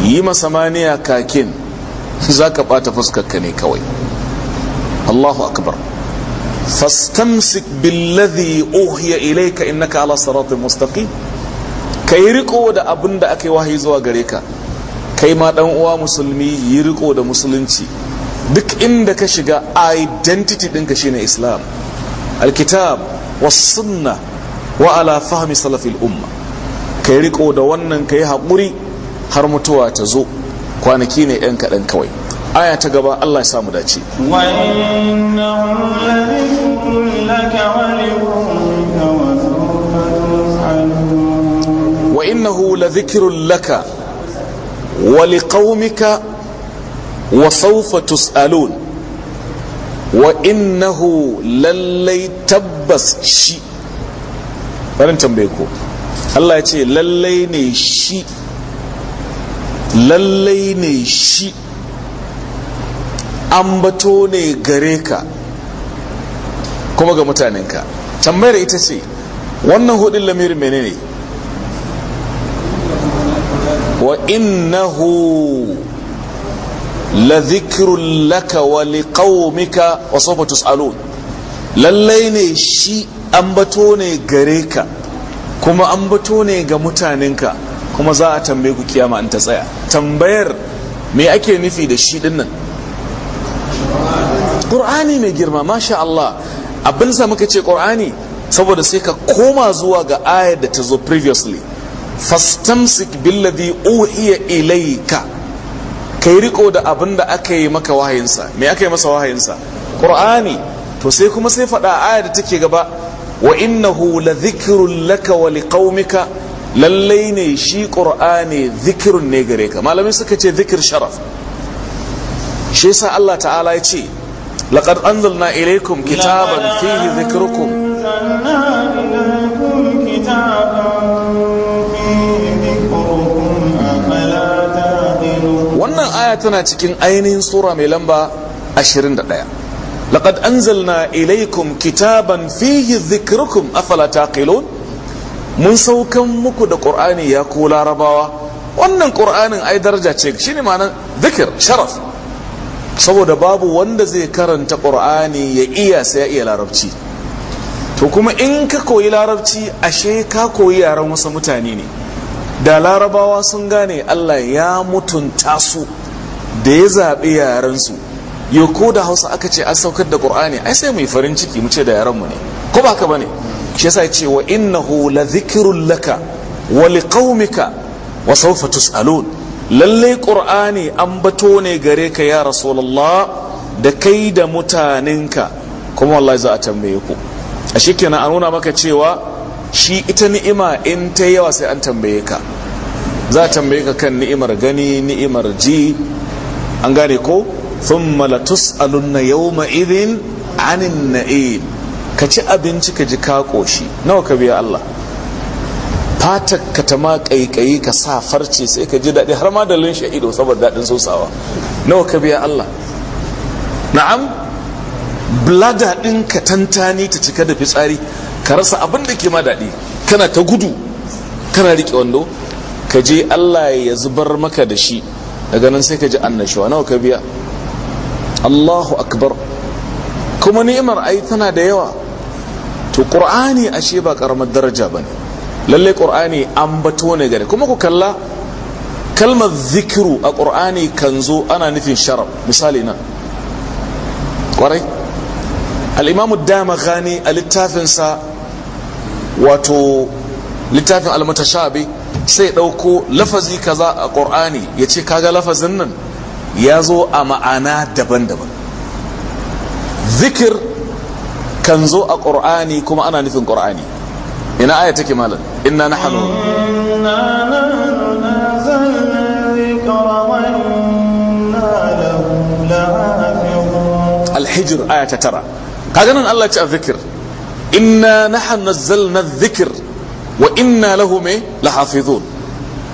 yi masamaniya kakin za ka bata fuskarka ne kawai allahu akbar fastamsik billadhi uhiya ilayka innaka ala siratin mustaqim kai riko da abin da aka yi wahayi zuwa gare ka kai ma dan uwa musulmi yi riko da musulunci duk inda ka shiga identity ɗinka shine islam alkitab was sunnah wa ala fahmi salafil umma kai riko da wannan kai haƙuri har mutuwa ta zo kwanaki ne yan kaɗan kawai aya ta gaba Allah ya samu dace wa innahu zikirun laka wa liqawmika wa wa laka wa sawfa tus'alun wa innahu lallai tabbas shi barin tambaye ko Allah ya ce lallai ne shi lallai ne shi an bato ne gare ka kuma ga mutanenka tambayar ita ce wannan hudin lamirin menene wa innahu la zikrun laka wa liqaumika wa sawfa tus'alun lallai ne shi an bato ne gare ka kuma an bato ne ga mutanenka kuma za a tambaye ku kiyama in ta tsaya tambayar me ake nufi da shi dinnan ƙur'ani mai girma masha Allah abin sa muka ce ƙur'ani saboda sai ka koma zuwa ga ayar da ta zo previously fastamsik billadhi uhiya ilayka kai riko da abin da aka yi maka wahayinsa me aka yi masa wahayinsa ƙur'ani to sai kuma sai faɗa ayar da take gaba wa innahu la zikirun laka wa liqaumika lallai ne shi ƙur'ani zikirun ne gare ka malami suka ce zikir sharaf shi Allah ta'ala ya ce laqad anzalna ilaikum kitaban fihi dhikrukum wannan aya tana cikin ainihin sura mai lamba 21 laqad anzalna ilaikum kitaban fihi dhikrukum afala taqilun mun saukan muku da qur'ani ya ku larabawa wannan qur'anin ai daraja ce shine ma'anar dhikr sharaf saboda babu wanda zai karanta qur'ani ya iya sai ya iya larabci to kuma in ka koyi larabci ashe ka koyi yaren wasu mutane ne da larabawa sun gane Allah ya mutunta su da ya zaɓi yarensu yau ko da hausa aka ce an saukar da qur'ani ai sai mu yi farin ciki mu ce da yaran mu ne ko ba haka bane shi yasa ce wa innahu la dhikrul laka wa liqaumika wa sawfa tusalun lalle qur'ani ambato ne gare ka ya rasulullah da kai da mutaninka kuma wallahi za a tambaye ku a kenan an nuna maka cewa shi ita ni'ima in ta yawa sai an tambaye ka za a tambaye ka kan ni'imar gani ni'imar ji an gane ko thumma latus'alunna yawma irin 'anin na'im ka ci abinci ka ji ka koshi nawa ka biya Allah fatar ka ta ma kaikayi ka sa farce sai ka ji daɗi har ma da lunshe ido saboda daɗin sosawa nawa ka biya Allah na'am blada ɗin ka tantani ta cika da fitsari ka rasa abin da ke ma daɗi kana ta gudu kana riƙe wando ka je Allah ya zubar maka da shi daga nan sai ka ji annashuwa nawa ka biya Allahu akbar kuma ni'imar ai tana da yawa to qur'ani ashe ba karamar daraja bane lalle qur'ani ambato ne gare kuma ku kalla kalmar zikiru a qur'ani kan zo ana nufin sharab misali na kwarai al-imam ad-damaghani a littafinsa wato littafin al-mutashabi sai dauko lafazi kaza a qur'ani yace kaga lafazin nan ya zo a ma'ana daban-daban zikir kan zo a ƙur'ani kuma ana nufin ƙur'ani ina aya take malam inna na hannu alhijir aya ta tara kaganan Allah ci a zikir inna na hannu zikir wa inna lahu mai lahafizun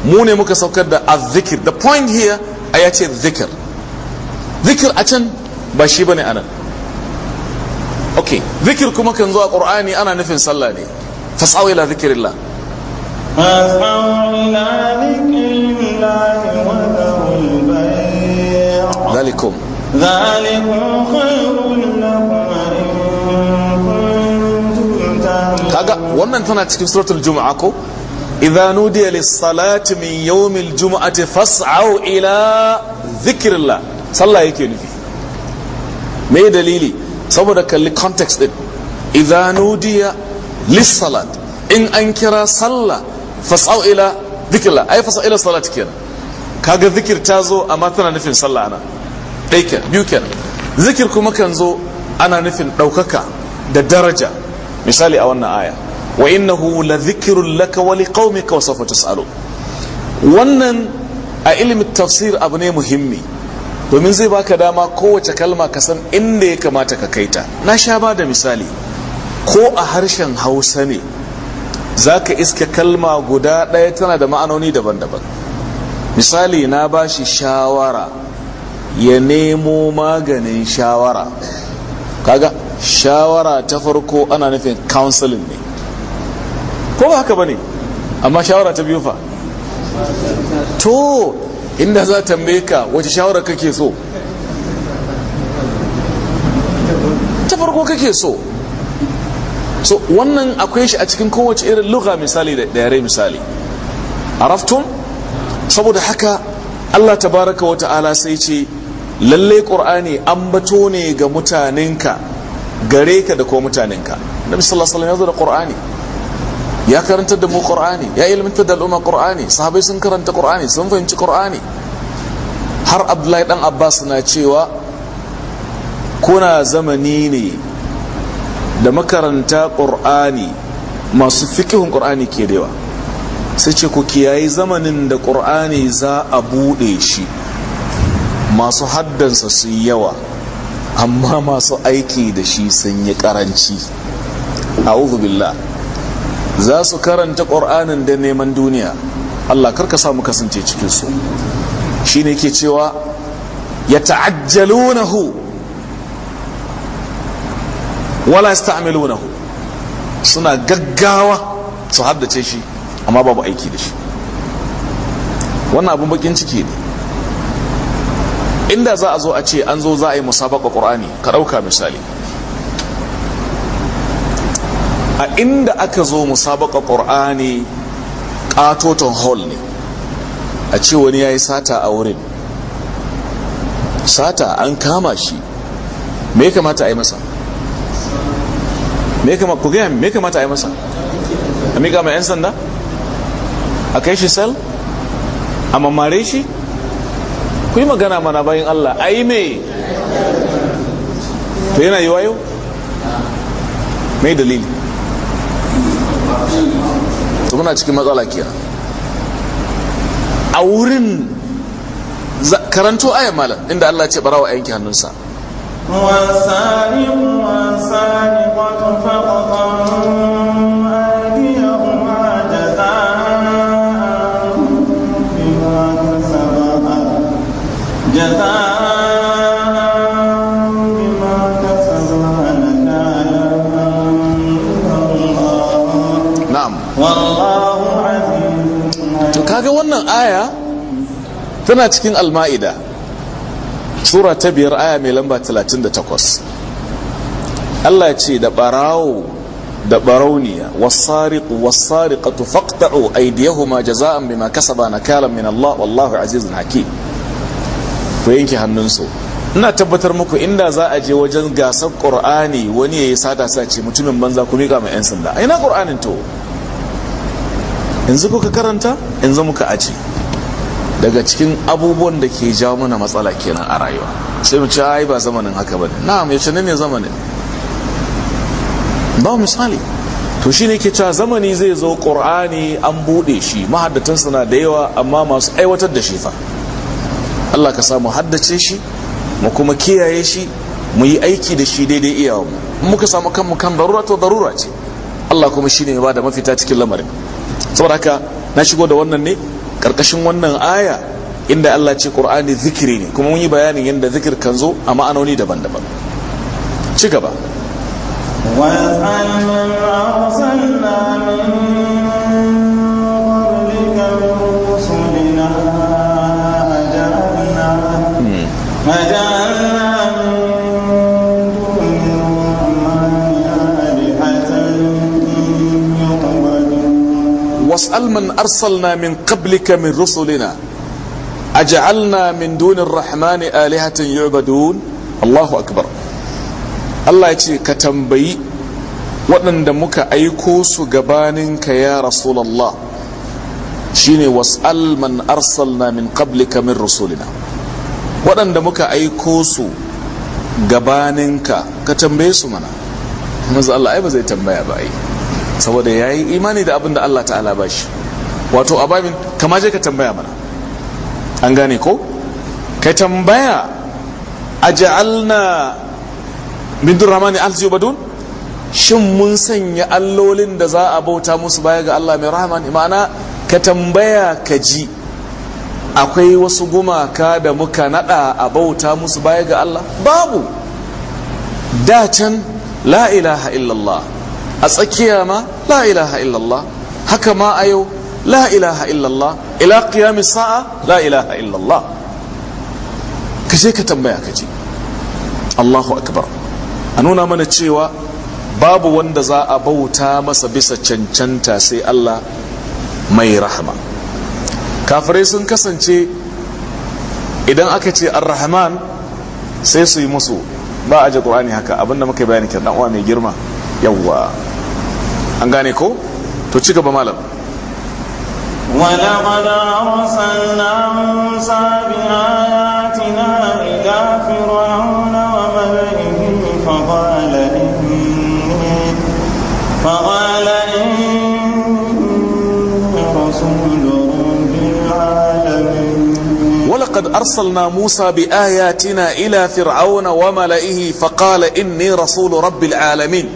mu ne muka saukar da a zikir the point here a ya ce zikir zikir a can ba shi ba bane anan ok zikir kuma kan zuwa ƙur'ani ana nufin sallah ne fasawa ila zikirillah ذلكم ذلكم خير لكم kaga wannan tana cikin suratul juma'a ko idza nudiya lis-salati min yawmil jumu'ati fas'au ila dhikrillah sallah yake nufi me dalili saboda kalli context din idza nudiya lis-salat in an kira sallah fas'au ila dhikrillah ai fas'au ila salat kenan kaga zikir ta zo amma tana nufin sallah ana dai biyu kenan zikir kuma kan zo ana nufin ɗaukaka da daraja misali a wannan aya wa innahu la dhikrun laka wa liqaumika wa sawfa tusalu wannan a ilimin tafsir abu ne muhimmi domin zai baka dama kowace kalma ka san inda ya kamata ka kaita na sha ba da misali ko a harshen hausa ne za ka iska kalma guda ɗaya tana da ma'anoni daban-daban misali na ba shi shawara ya nemo maganin shawara kaga shawara ta farko ana nufin counseling ne ko ba haka bane amma shawara ta biyu fa to inda za tambaye ka wace shawara kake so ta farko kake so so wannan akwai shi a cikin kowace irin lugha misali da yare misali araftum saboda haka Allah ta baraka wa ta'ala sai ce lalle an bato ne ga mutanenka gare ka da ko mutanenka nabi sallallahu alaihi wasallam ya zo da qur'ani ya karanta da mu qur'ani ya ilmantar da al'umma qur'ani sahabbai sun karanta qur'ani sun fahimci qur'ani har abdullahi dan abbas na cewa kuna zamani ne da makaranta qur'ani masu fikihun qur'ani ke da yawa sai ce ku kiyayi zamanin da qur'ani za a bude shi masu haddansa sun yawa amma masu aiki da shi sun yi karanci a'udhu billah za su karanta ƙor'anin da neman duniya Allah karka samu kasance cikinsu shi ne ke cewa ya ta'ajjalunahu wala ta'amilunahu. suna gaggawa su haddace shi amma babu aiki da shi wannan abun bakin ciki ne inda za a zo a ce an zo za a yi musabaka ƙur'ani ka ɗauka misali a inda aka zo musabaka ƙur'ani ƙatoton hall ne a ce wani ya yi sata a wurin sata an kama shi me ya kamata a yi masa me ya kamata a yi masa a miƙa mai 'yan sanda a kai shi sel a mamare shi ku yi magana mana bayan allah a yi mai to yana yi wayo mai dalili to muna cikin matsala kenan a wurin karanto ayyar malam inda Allah ce barawa ayyanki hannunsa wa sariqu wa aya tana cikin alma'ida Tura ta biyar aya mai lamba 38 Allah ce da barawo da barauniya wasariqu wasariqatu aidiyahu ma jaza'an bima kasaba kalan min Allah wallahu azizun haki ku yanke hannunsu ina tabbatar muku inda za a je wajen gasar ƙur'ani wani ya yi sata ce mutumin banza ku mika ma yan sanda ina ƙor'anin to yanzu kuka karanta In za muka aji daga cikin abubuwan da ke jawo mana matsala kenan a rayuwa sai mu ce ai ba zamanin haka bane na'am ce ne zamanin ba misali to shine ke cewa zamani zai zo qur'ani an bude shi mahaddatan suna da yawa amma masu aiwatar da shi fa Allah ka samu haddace shi mu kuma kiyaye shi mu yi aiki da shi daidai iyawa mu muka samu kanmu kan darura to darura ce Allah kuma shine ya bada mafita cikin lamarin saboda haka na shigo da wannan ne karkashin wannan aya inda Allah ce Qur'ani zikiri ne kuma mun yi bayanin yadda zikir kan zo a ma'anoni daban-daban ci gaba واسأل من أرسلنا من قبلك من رسلنا أجعلنا من دون الرحمن آلهة يعبدون الله أكبر Allah ya ce ka tambayi waɗanda muka aiko su gabaninka ya Rasulallah shine was'al man arsalna min qablika min rusulina waɗanda muka aiko su gabaninka ka tambaye su mana manzo Allah ai ba zai tambaya ba saboda ya yi imani da abin da Allah ta'ala ba shi wato a babin kama je ka tambaya mana an gane ko ka tambaya a ja'alna min durrahmani alzi shin mun sanya allolin da za a bauta musu baya ga Allah mai rahman ma'ana ka tambaya ka ji akwai wasu gumaka da muka nada a bauta musu baya ga Allah babu da can la ilaha illallah a tsakiya ma la ilaha illallah haka ma a yau la ilaha illallah ila qiyami sa'a la ilaha illallah ka je ka tambaya ka ce Allahu akbar a nuna mana cewa babu wanda za a bauta masa bisa cancanta sai Allah mai rahama kafirai sun kasance idan aka ce ar-rahman sai su yi musu ba a ji qur'ani haka abinda muka bayani kin dan uwa mai girma yawwa an gane ko to ci gaba malam ولقد أرسلنا موسى بآياتنا إلى فرعون وملئه فقال إني فقال إني رسول رب العالمين ولقد أرسلنا موسى بآياتنا إلى فرعون وملئه فقال إني رسول رب العالمين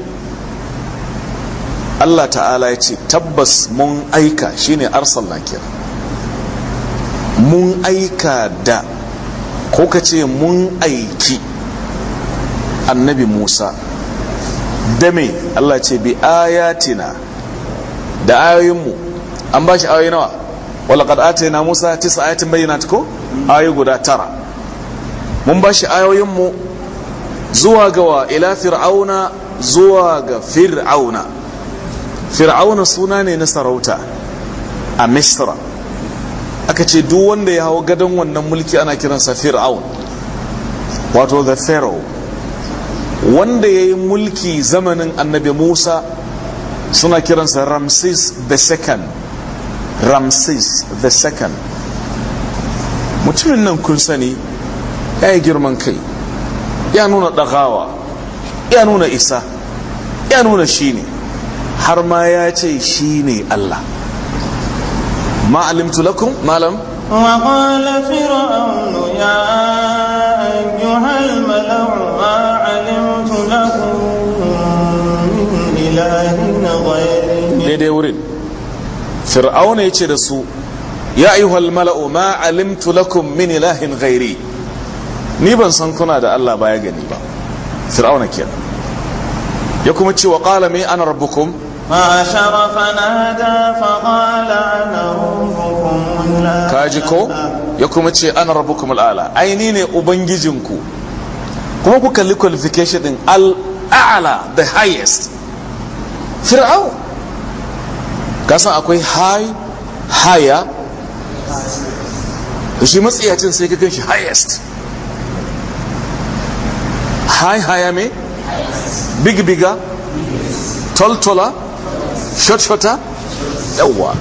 Allah ta'ala ya ce tabbas mun aika shine arsalna kenan mun aika da ko ka ce mun aiki annabi Musa da me Allah ce bi ayatina da ayoyinmu an ba shi ayoyi nawa wala walaqad na Musa tisa ayatin bayyinat ko ayoyi guda tara mun ba shi ayoyinmu zuwa ga wa ila fir'auna zuwa ga fir'auna fir'auna suna ne na sarauta a misra aka ce duk wanda ya hau gadon wannan mulki ana kiransa fir'aun wato the pharaoh wanda ya yi mulki zamanin annabi musa suna kiransa ramses the second ramses the second mutumin nan kun sani ya yi girman kai ya nuna ɗagawa ya nuna isa ya nuna shi ne har ma ya ce shi ne Allah ma alimtu malam waƙala qala fir'aunu ya yi mala'u ma alimtu lakum min ilahin daidai wurin fir'auna ce da su ya yi mala'u ma alimtu lakum min ilahin ni ban san kuna da Allah baya gani ba fir'auna kenan ya kuma ce wa qala ana rabu rabbukum فأشر فنادى فقال أنا ربكم الأعلى كاجيكو يكم تشي أنا ربكم الأعلى أينيني أبنجيجنكو kuma ku kalli qualification din al-a'la the highest fir'au kasa akwai high higher shi matsiyacin sai ka shi highest high higher me big bigger tall taller shot-shota yawa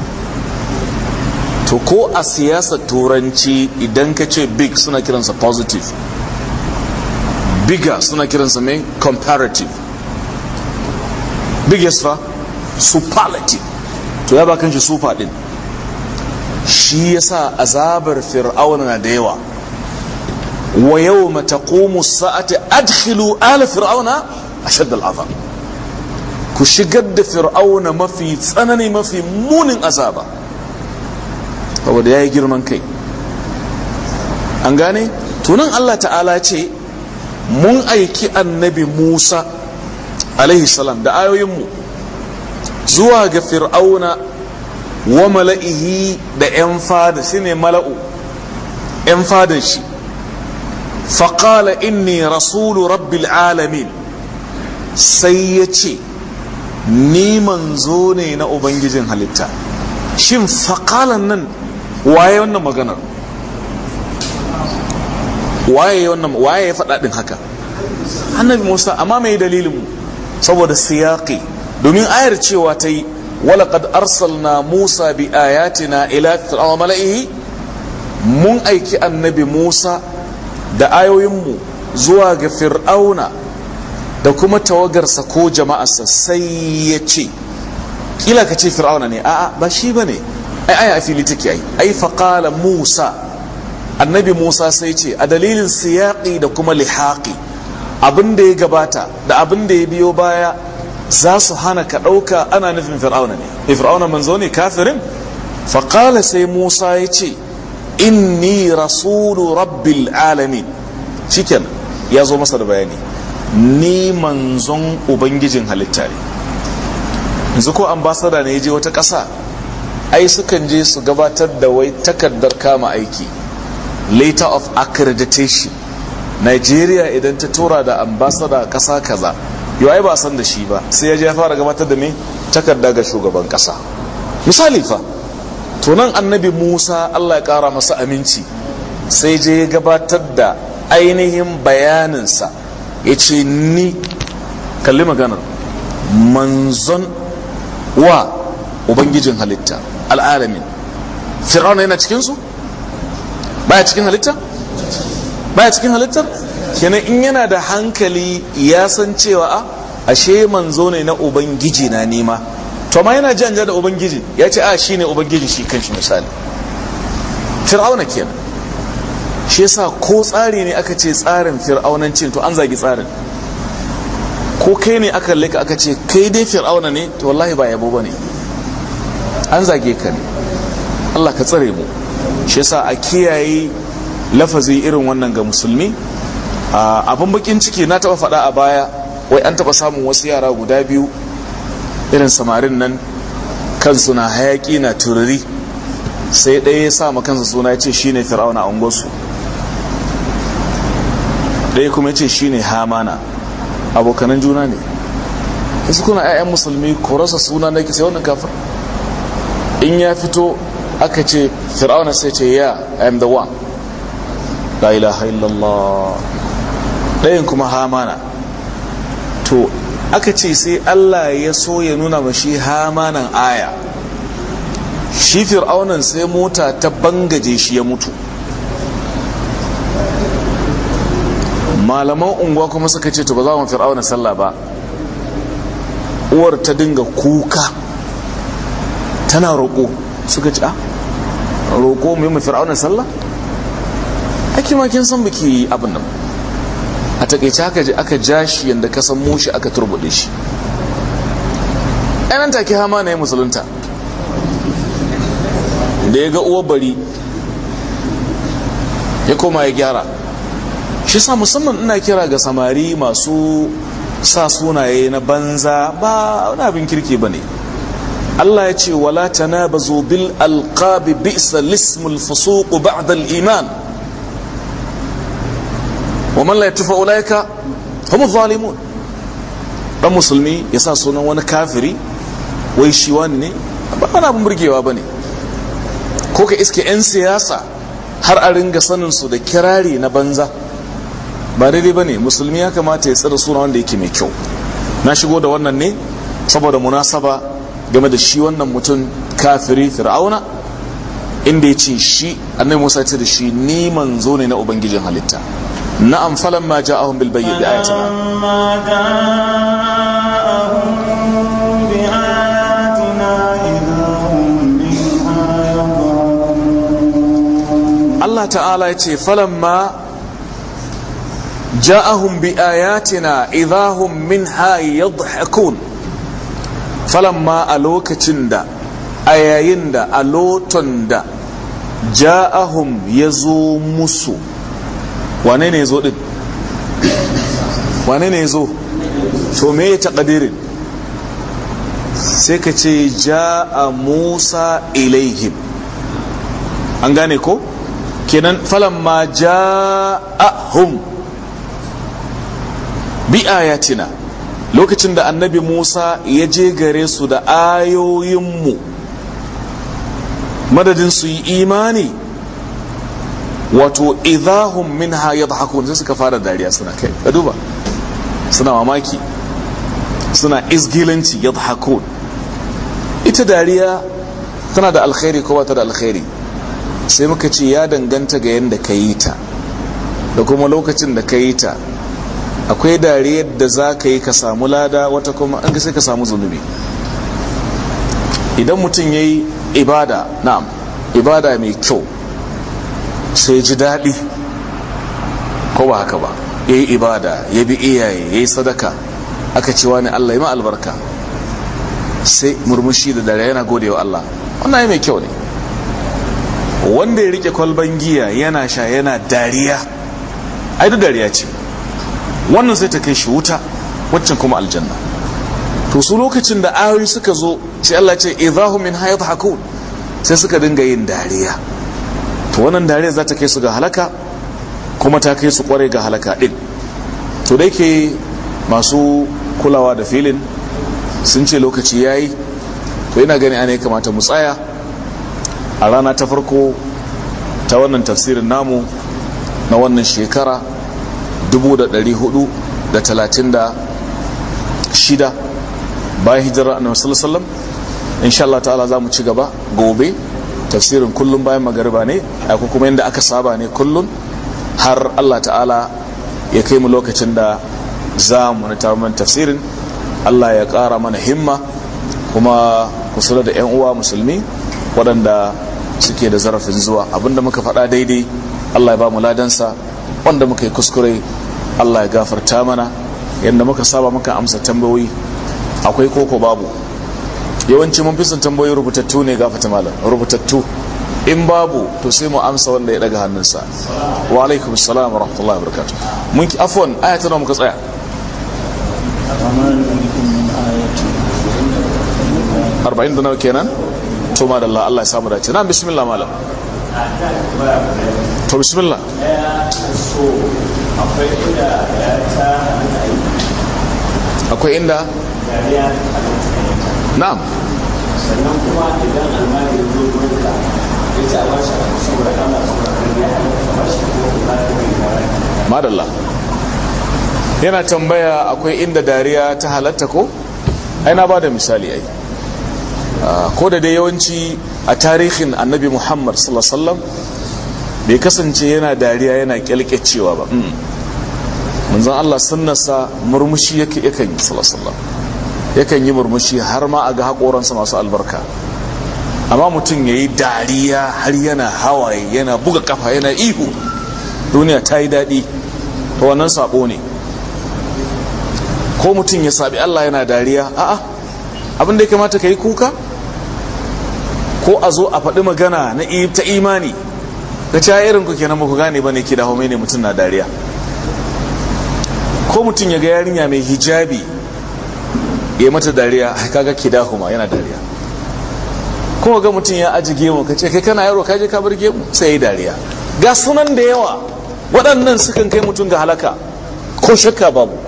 to ko a siyasa turanci idan ka ce big suna kiransa positive bigger suna kiransa mai comparative biggest fa superlative to ya bakan shi super din shi ya sa azabar fir'auna na da yawa wa yau taqumu as-sa'ati adhilu ala fir'auna a al-'adhab ku shigar da fir'auna mafi tsanani mafi munin azaba saboda ya yi girman kai an gane tunan allah ta'ala ce mun aiki annabi musa alaihi salam da ayoyinmu zuwa ga fir'auna wa mala'ihi da 'yan fada shi ne mala'u 'yan fadan shi faƙala inni rasulu rabbil alamin sai ya ce ni manzo ne na ubangijin halitta shin faƙalan nan waye wannan maganar waye ya faɗa ɗin haka annabi musa amma mai dalilin mu saboda siyaƙi domin ayar cewa ta yi walaƙad na musa bi ayatina ila fir'auna mala'ihi mun aiki annabi musa da ayoyinmu zuwa ga fir'auna da kuma tawagarsa ko jama'arsa sai ya ce kila ka ce fir'auna ne a'a ba shi ba ne ai aya a fili take ai ai faƙala musa annabi musa sai ce a dalilin siyaƙi da kuma lihaƙi abin da ya gabata da abin da ya biyo baya za su hana ka ɗauka ana nufin fir'auna ne eh, fir'auna manzo ne kafirin faƙala sai musa ya ce inni rasulu rabbil alamin shikenan ya zo masa da bayani ni manzon ubangijin halitta ne yanzu ko ambasada ne je wata ƙasa ai sukan je su gabatar da wai takardar kama aiki later of accreditation nigeria idan ta tura da ambasada ƙasa kaza yau ai ba san da shi ba sai ya je ya fara gabatar da me takarda ga shugaban ƙasa misali fa tunan annabi musa allah ya ƙara masa aminci sai je ya gabatar da ainihin bayaninsa ya ce ni kalli maganar manzon wa ubangijin halitta al'alamin fir'auna yana cikinsu baya cikin halitta baya cikin halittar kenan in yana da hankali ya san cewa a ah, ashe manzo ne na ubangiji na nema to ma yana janja da ubangiji ya ce a ah, shine ubangiji shi kanshi misali fir'auna kenan shi yasa ko tsari ne aka ce tsarin fir'aunancin to an zagi tsarin ko kai ne aka laika aka ce kai dai fir'auna ne to wallahi ba yabo bane an zage ka ne Allah ka tsare mu shi yasa a kiyaye lafazi irin wannan ga musulmi abin bakin ciki na taba faɗa a baya wai an taba samun wasu yara guda biyu irin samarin nan kansu na hayaki na tururi sai ɗaya ya sa kansa suna ya ce shi ne fir'auna a unguwarsu daya kuma ya ce shi ne hamana abokanan juna ne su kuna 'ya'yan musulmi ko rasa suna na sai wannan kafin. in ya fito aka ce fir'auna sai ce ya i am the one la ilaha illallah ɗayan kuma hamana to aka ce sai allah ya so ya nuna ba shi hamanan aya shi fir'aunan sai mota ta bangaje shi ya mutu malaman unguwa kuma suka ce to ba za mu fir'auna sallah ba uwar ta dinga kuka tana roƙo suka ce ah roƙo mu yi mu fir'auna sallah ake ma kin san biki abin nan a takaice haka je aka ja shi yadda ka san mushi aka turbuɗe shi ta take hama na yi musulunta da ya ga uwar bari ya koma ya gyara shi sa musamman ina kira ga samari masu sa sunaye na banza ba wani abin kirki ba ne Allah ya ce wala tanabazu bil alqabi bi'sa lismul fusuq ba'da al iman wa man la yatufa ulaika hum zalimun dan musulmi ya sa sunan wani kafiri wai shi wani ne ba wani bin burgewa bane ko ka iske yan siyasa har a ringa sanin su da kirari na banza ba daidai ba ne musulmi ya kamata ya tsara suna wanda yake mai kyau na shigo da wannan ne saboda munasaba game da shi wannan mutum kafiri fir'auna inda ya ce shi annabi musa ya ce da shi ni manzo ne na ubangijin halitta na'am falan ma ja ahun bayyin da ayatun Allah ta'ala ya ce falan ma جاءهم بآياتنا إذا هم منها يضحكون فلما ألوك تند أيين دا ألو تند جاءهم يزو مسو وانين يزو دين وانين يزو شو مي سيكتي جاء موسى إليهم أنغاني كو كنن فلما جاءهم bi ayatina lokacin da annabi musa ya je gare su da ayoyinmu madadin su yi imani wato idahun idahum minha yadhakun sai suka fara dariya suna kai ka duba suna mamaki suna izgilanci yadda yadhakun ita dariya tana da alkhairi ko ba ta da alkhairi sai muka ce ya danganta ga yadda ka yi ta da kuma lokacin da ka yi ta akwai dariyar da za ka yi ka samu lada wata kuma an sai ka samu zunubi idan mutum ya yi ibada na'am ibada mai kyau sai ji daɗi ko ba haka ba ya yi ibada ya bi iyaye ya yi sadaka aka cewa ne allah ya ma albarka sai murmushi da dare yana gode wa allah wannan mai kyau ne wanda ya rike kwalban giya yana sha yana dariya ai duk dariya ce wannan sai ta kai shi wuta waccan kuma aljanna to su lokacin da ayoyi suka zo sai Allah ce idahu min hayat hakun sai suka dinga yin dariya to wannan dariya za ta kai su ga halaka kuma ta kai su kware ga halaka din to da yake masu kulawa da filin sun ce lokaci yayi to ina gani ana kamata mu tsaya a rana ta farko ta wannan tafsirin namu na wannan shekara shida bayan hijirar annabi sallallahu alaihi wasallam insha Allah ta'ala zamu ci gaba gobe tafsirin kullum bayan magariba ne akwai kuma yadda aka saba ne kullum har Allah ta'ala ya kai mu lokacin da za mu na tamamin tafsirin Allah ya kara mana himma kuma kusura da 'yan uwa musulmi waɗanda suke da zarafin zuwa abinda muka faɗa daidai Allah ya ba mu ladansa wanda muka yi kuskure Allah ya gafarta mana yadda muka saba muka amsa tambayoyi akwai koko babu yawanci mun fi son tambayoyi rubutattu ne gafata malam rubutattu in babu to sai mu amsa wanda ya daga hannunsa wa alaikum salam wa rahmatullahi wa barakatu. mun ki afwan ayata ta muka tsaya arba'in da nawa kenan to ma da Allah Allah ya samu dace na bismillah malam to bismillah akwai inda na. madalla yana tambaya akwai inda dariya ta halatta ko aina ba bada misali ai ah, ko da dai yawanci a tarihin annabi muhammad sallallahu bai kasance yana dariya yana kyalkyacewa ba hmm. manzon Allah sa murmushi yake yakan yi sallallahu yakan yi murmushi har ma a ga haƙoransa masu albarka amma mutum ya yi dariya har yana hawaye yana buga kafa yana ihu duniya ta yi daɗi ta wannan saɓo ne ko mutum ya saɓi Allah yana dariya a'a abin da ya kamata ka yi kuka ko a zo a faɗi magana na ta imani ka ci irin ku kenan ku gane bane ki da home ne mutum na dariya ko mutum ya ga yarinya mai hijabi ya mata dariya kaga ki da yana dariya ko ga mutum ya aji gemu ka ce kai kana yaro kaje kabar ka bar gemu sai ya yi dariya ga sunan da yawa waɗannan sukan kai mutum ga halaka ko shakka babu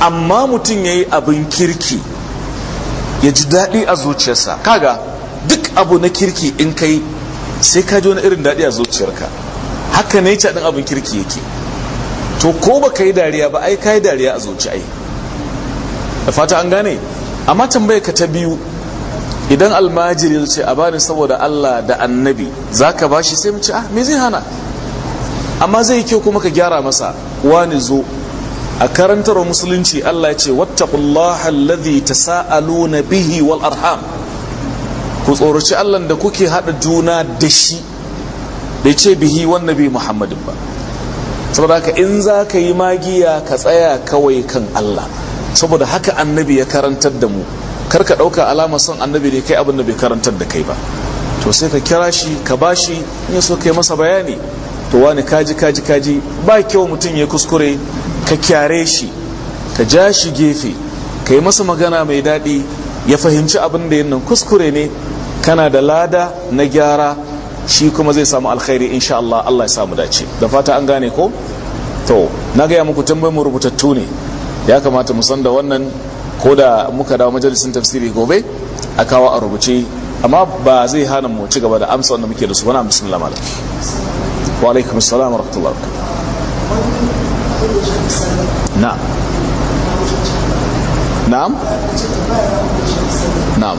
amma mutum ya yi abin kirki ya ji daɗi a zuciyarsa kaga duk abu na kirki in kai sai ka ji wani irin daɗi a zuciyarka haka ne ci ɗin abin kirki yake to ko ba ka yi dariya ba ai ka yi dariya a zuci ai da fata an gane amma tambaye ka ta biyu idan almajiri ce a bani saboda Allah da annabi za ka ba shi sai mu ci ah me zai hana amma zai yi kyau kuma ka gyara masa wani zo a karantar musulunci Allah ya ce wattaqullaha alladhi tasaaluna bihi wal arham ku tsoraci Allah da kuke haɗa juna da shi bai ce bihi wannan bi Muhammadin ba saboda haka in za ka yi magiya ka tsaya kawai kan Allah saboda haka annabi ya karantar da mu kar ka ɗauka alama son annabi da kai abin da bai karantar da kai ba to sai ka kira shi ka bashi in so kai masa bayani to wani kaji kaji kaji ba kyau mutum ya kuskure ka kyare shi ka ja shi gefe ka yi masa magana mai daɗi ya fahimci abin da yin nan kuskure ne kana da lada na gyara shi kuma zai samu alkhairi insha Allah Allah ya samu dace da fata an gane ko to na gaya muku tambayar mu rubutattu ne ya kamata mu san da wannan ko da muka dawo majalisin tafsiri gobe a kawo a rubuce amma ba zai hana mu ci gaba da amsa wanda muke da su bana bismillah malam wa alaikum assalam wa rahmatullahi na. na'am na'am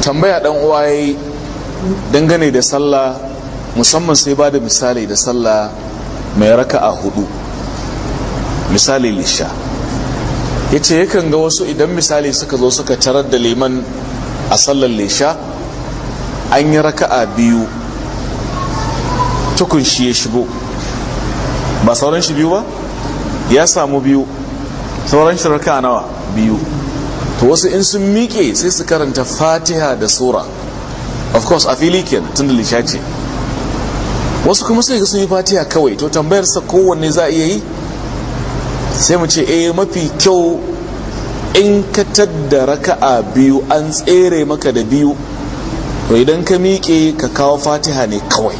tambaya dan uwaye dangane da sallah musamman sai ba da misali da sallah mai raka a hudu misali lisha ya ce yakan ga wasu idan misali suka zo suka tarar da liman a sallar lisha an yi raka'a biyu tukun shi ya shigo ba sauran shi biyu ba ya samu biyu sauran shi raka'a nawa biyu to wasu in sun miƙe sai su karanta fatiha da sura of course a fili ken tun da lisha ce wasu kuma sai sun yi fatiha kawai to tambayar sa kowanne za a iya yi sai mu ce eh mafi kyau in ka tadda raka'a biyu an tsere maka da biyu to idan ka miƙe ka kawo fatiha ne kawai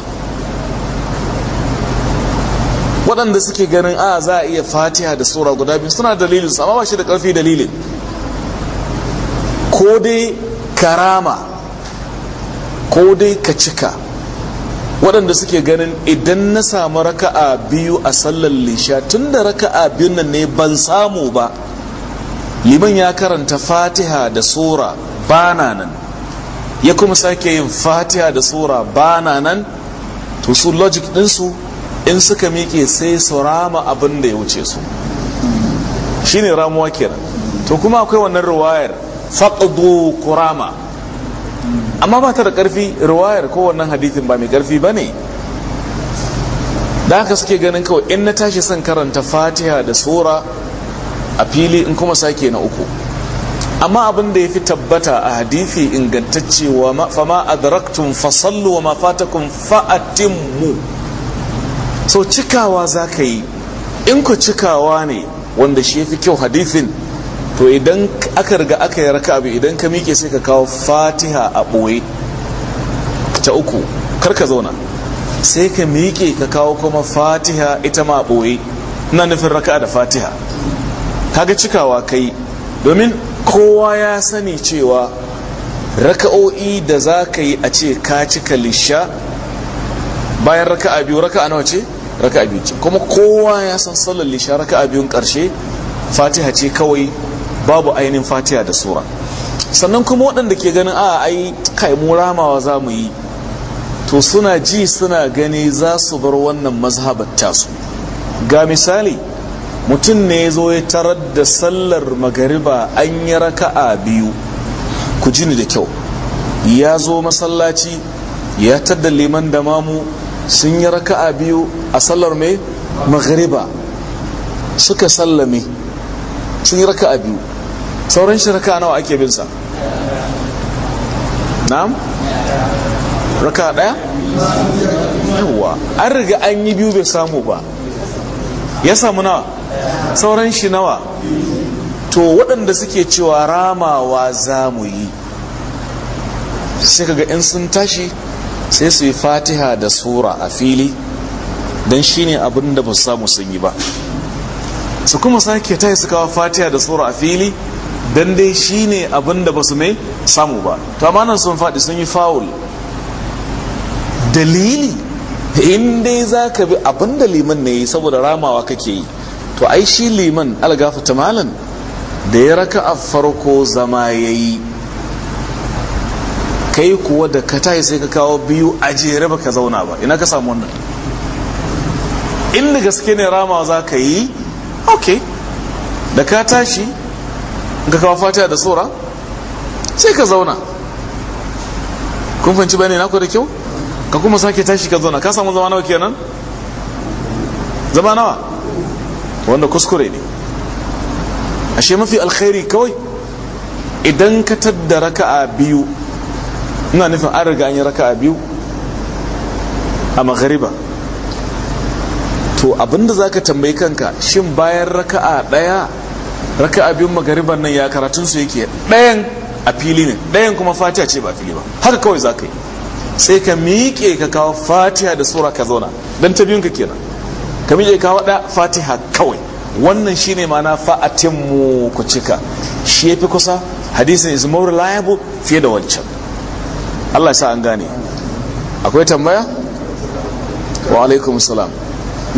waɗanda suke ganin a ah, za a iya fatiha da sura guda biyu suna dalilin amma ba shi da ƙarfi dalilin ko dai karama ko dai ka cika waɗanda suke ganin idan na samu raka'a biyu a sallar lisha tun da raka'a biyun nan ne ban samu ba liman ya karanta fatiha da sura bana nan ya kuma sake yin fatiha da sura bana nan to su logic ɗinsu in suka miƙe sai su rama abin da ya wuce su shine ramuwa kenan to kuma akwai wannan ruwayar faqdu kurama amma ba ta da karfi riwayar kowannan hadithin ba mai karfi ba ne da haka suke ganin kawai in na tashi son karanta fatiha da sura a fili in kuma sake na uku amma abin da ya fi tabbata a hadithi ingantacce wa fama adraktum fasallu wa mafatakum fa'atimmu so cikawa za ka yi in ku cikawa ne wanda shi ya fi kyau hadithin to idan aka riga aka yi raka abu idan ka miƙe sai ka kawo fatiha a ɓoye ta uku kar ka zauna sai ka miƙe ka kawo kuma fatiha ita ma a ɓoye na nufin raka da fatiha kaga cikawa kai domin kowa ya sani cewa raka'o'i da za ka yi a ce ka cika lisha bayan raka a biyu a nawa ce a biyu ce kuma kowa ya san sallar lisha raka'a biyun karshe fatiha ce kawai babu ainihin fatiha da sura sannan kuma waɗanda ke ganin a ai kai mu ramawa za mu yi to suna ji suna gani za su bar wannan mazhabar tasu ga misali mutum ne ya zo ya tarar da sallar magariba an yi raka'a biyu ku ji ni da kyau ya zo masallaci ya tadda liman da mamu sun yi raka'a biyu a sallar mai magariba suka sallame sun yi raka a biyu sauran shi raka nawa ake sa na'am raka daya yawa an riga an yi biyu bai samu ba ya samu nawa sauran shi nawa to waɗanda suke cewa ramawa za mu yi sai kaga in sun tashi sai su yi fatiha da sura a fili don shine abin da ba samu sun yi ba su kuma sake ta su kawo fatiha da tsoro a fili dan dai shine abin da ba su mai samu ba to amma nan sun faɗi sun yi fawul dalili in dai za ka bi abinda da liman ne yi saboda ramawa kake yi to ai shi liman algafa ta malam da ya raka a farko zama ya yi kai kuwa da ka tayi sai ka kawo biyu a jere ba ka zauna ba ina ka samu wannan inda gaske ne ramawa za ka yi ok da ka tashi ga kawo fatiha da tsora sai ka zauna kun fanci bayani naku da kyau ka kuma sake tashi ka zauna ka samu zama nawa kenan zama nawa wanda kuskure ne ashe mafi alkhairi kawai idan ka tadda raka'a biyu ina nufin an riga an yi raka'a biyu a maghariba to abinda zaka tambayi kanka shin bayan raka'a daya raka'a biyun magariban nan ya karatun su yake dayan a fili ne dayan kuma fatiha ce ba fili ba haka kawai zaka yi sai ka miƙe ka kawo fatiha da sura ka zauna dan ta biyun ka kenan ka miƙe ka wada fatiha kawai wannan shine ma'ana fa'atin mu ku cika shi yafi kusa hadisin is more reliable fiye da wancan Allah ya sa an gane akwai tambaya wa alaikum salam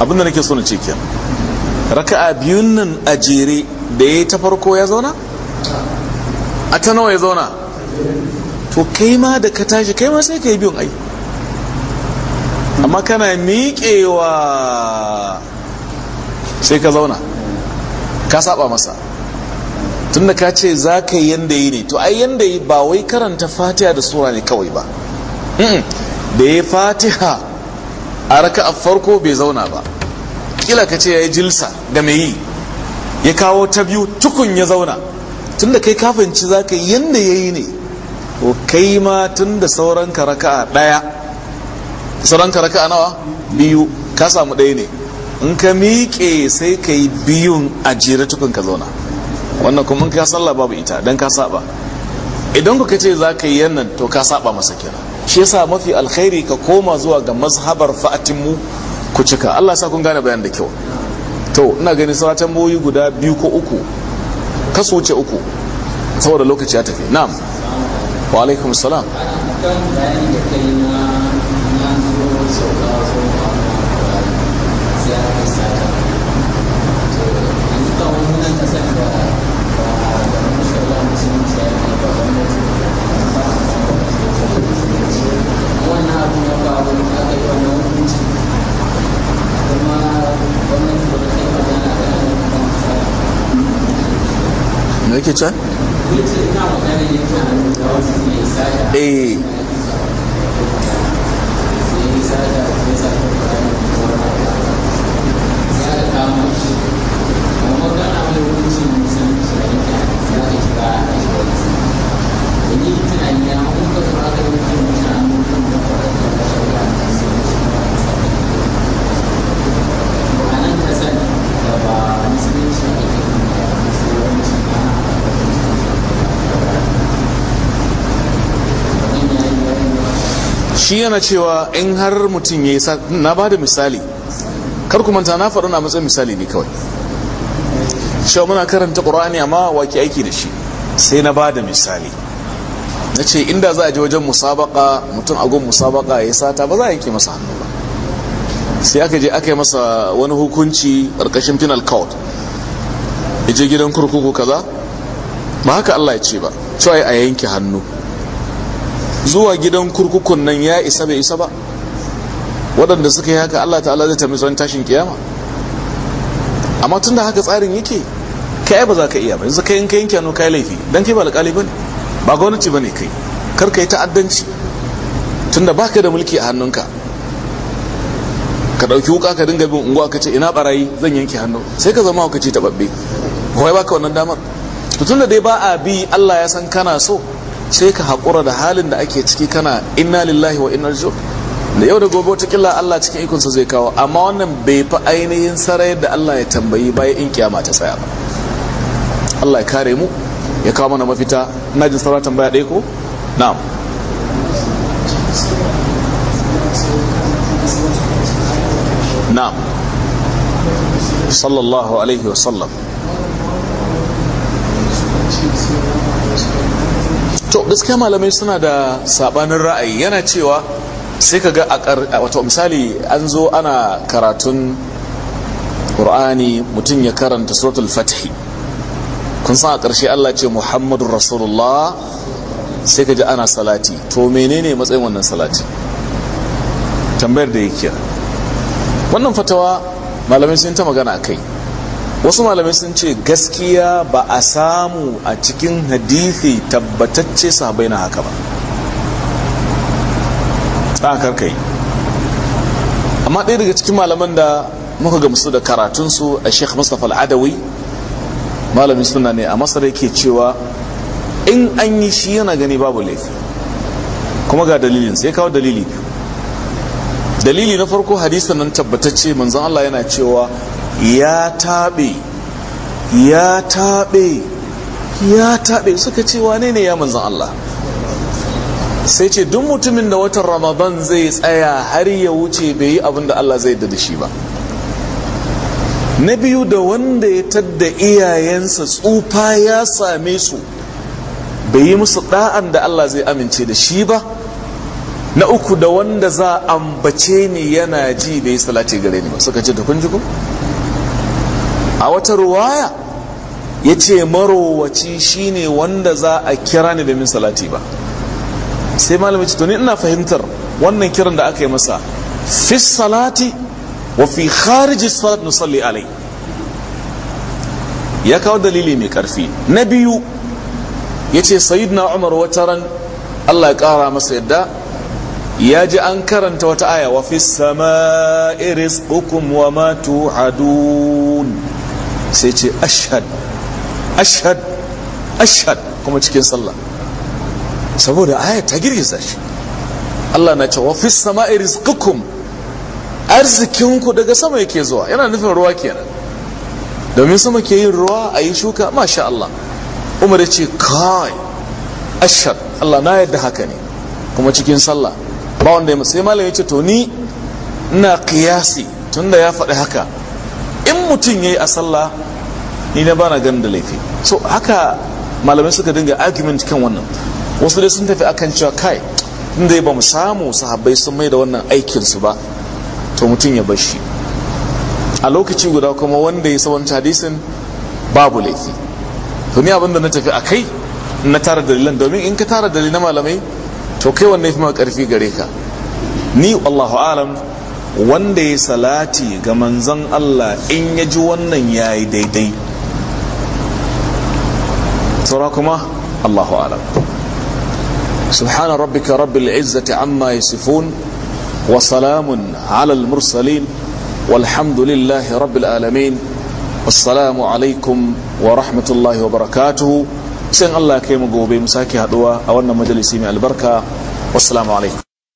abinda nake so na ce kenan raka'a biyun nan a jere da ya ta farko ya zauna a ta nawa ya zauna to kai ma da ka tashi kai ma sai ka yi biyun ai amma kana miƙewa sai ka zauna ka saba masa Tun da ka ce za ka yi yanda yi ne to ai yanda yi ba wai karanta fatiha da sura ne kawai ba da ya fatiha a a farko bai zauna ba kila ka ce ya yi jilsa da mai yi ya kawo ta biyu tukun ya zauna tunda kai kafinci za ka yadda ya yi ne ko kai ma tun da sauran ka a ɗaya sauran ka a nawa biyu ka samu ɗaya ne in ka miƙe sai ka yi biyun a jere tukun ka zauna wannan kuma in ka sallah babu ita don ka saba idan ku ka ce za ka yi yannan to ka saba masa kenan shi yasa mafi alkhairi ka koma zuwa ga mazhabar fa'atinmu ku cika Allah sa kun gane bayan da kyau to ina gani sauran tambayoyi guda biyu ko uku kaso wuce uku saboda lokaci ya tafi na'am wa alaikum salam me yake can eh shi yana cewa in har mutum ya yi na ba da misali kar ku manta na faɗo na matsayin misali ne kawai cewa muna karanta ƙur'ani amma waki aiki da shi sai na ba da misali na ce inda za a je wajen musabaka mutum a gun musabaka ya sata ba za a yanke masa hannu ba sai aka je aka yi masa wani hukunci ƙarƙashin penal code ya je gidan kurkuku kaza ba haka Allah ya ce ba cewa a yanke hannu zuwa gidan kurkukun nan ya isa bai isa ba waɗanda suka yi haka Allah ta'ala zai tambaye su tashin kiyama amma tun da haka tsarin yake kai ba za ka iya ba yanzu kai in kai yanke hannu kai laifi dan kai ba alƙali bane ba gwamnati bane kai kar yi ta'addanci tunda baka da mulki a hannunka ka ɗauki wuka ka dinga bin unguwa ka ce ina barayi zan yanke hannu sai ka zama ka ce tababbe wai baka wannan damar to tunda dai ba a bi Allah ya san kana so sai ka haƙura da halin da ake ciki kana inna lillahi wa inna ilaihi da yau da gobe watakila Allah cikin ikonsa zai kawo amma wannan bai fi ainihin sarayar da Allah ya tambayi bayan in kiyama ta tsaya ba Allah ya kare mu ya kawo mana mafita ina jin sauran tambaya ɗaya ko na'am na'am sallallahu alaihi wa sallam to gaskiya malamai suna da sabanin ra'ayi yana cewa sai ka ga wato misali an zo ana karatun ƙur'ani mutum ya karanta suratul fatihi kun san a ƙarshe Allah ce Muhammadu Rasulullah sai ka ji ana salati to menene matsayin wannan salati tambayar da yake wannan fatawa malamai sun ta magana kai. wasu malamai sun ce gaskiya ba a samu a cikin hadithi tabbatacce sahabai na haka ba tsakar kai amma ɗaya daga cikin malaman da muka gamsu da karatunsu a sheikh mustapha al'adawi malamin suna ne a masar yake cewa in an yi shi yana gani babu laifi kuma ga dalilin sai kawo dalili dalili na farko hadisan nan tabbatacce manzon Allah yana cewa ya taɓe ya taɓe ya taɓe suka ce wane ne ya manzan Allah sai ce duk mutumin da watan ramadan zai tsaya har ya wuce bai yi abin da Allah zai da shi ba na biyu da wanda ya tadda iyayensa tsufa ya same su bai yi musu da'an da Allah zai amince da shi ba na uku da wanda za ambace ni yana ji bai salati gare ni ba suka ce da kun ku a wata ruwaya ya ce marowaci shine wanda za a kira ni domin salati ba sai malamin ce doni ni ina fahimtar wannan kiran da aka yi masa fi salati wa fi khariji salat nusalli alai ya kawo dalili mai karfi na biyu ya ce sayidina umar wata ran allah ya kara masa yadda ya ji an karanta wata aya wa fi sama iris hukum wa ma sai ce ashad ashad ashad kuma cikin sallah saboda ayat ta girgiza shi Allah na cewa fi sama'i rizqukum ku daga sama yake zuwa yana nufin ruwa kenan domin sama ke yin ruwa a yi shuka masha Allah umar ya ce kai ashad. Allah na yadda haka ne kuma cikin sallah ba wanda ya sai malam ya ce to ni ina kiyasi tunda ya faɗi haka mutum ya yi a sallah ni na bana ganin da laifi so haka malamai suka dinga argument kan wannan wasu dai sun tafi akan cewa kai inda ba mu samu sahabbai sun mai da wannan aikinsu ba to mutum ya bashi a lokaci guda kuma wanda ya sabon hadisin babu laifi to ni abinda na tafi a kai na tara dalilan domin in ka tara dalilan malamai to kai wanne ya fi ma karfi gare ka ni allahu alam wanda ya salati ga manzon Allah in ya ji wannan ya yi daidai saura kuma Allahu alam subhana rabbika rabbil izzati amma yasifun al mursalin walhamdulillahi rabbil alamin alaikum wa rahmatullahi wa barakatuhu sai Allah ya kai mu gobe mu sake haduwa a wannan majalisi mai albarka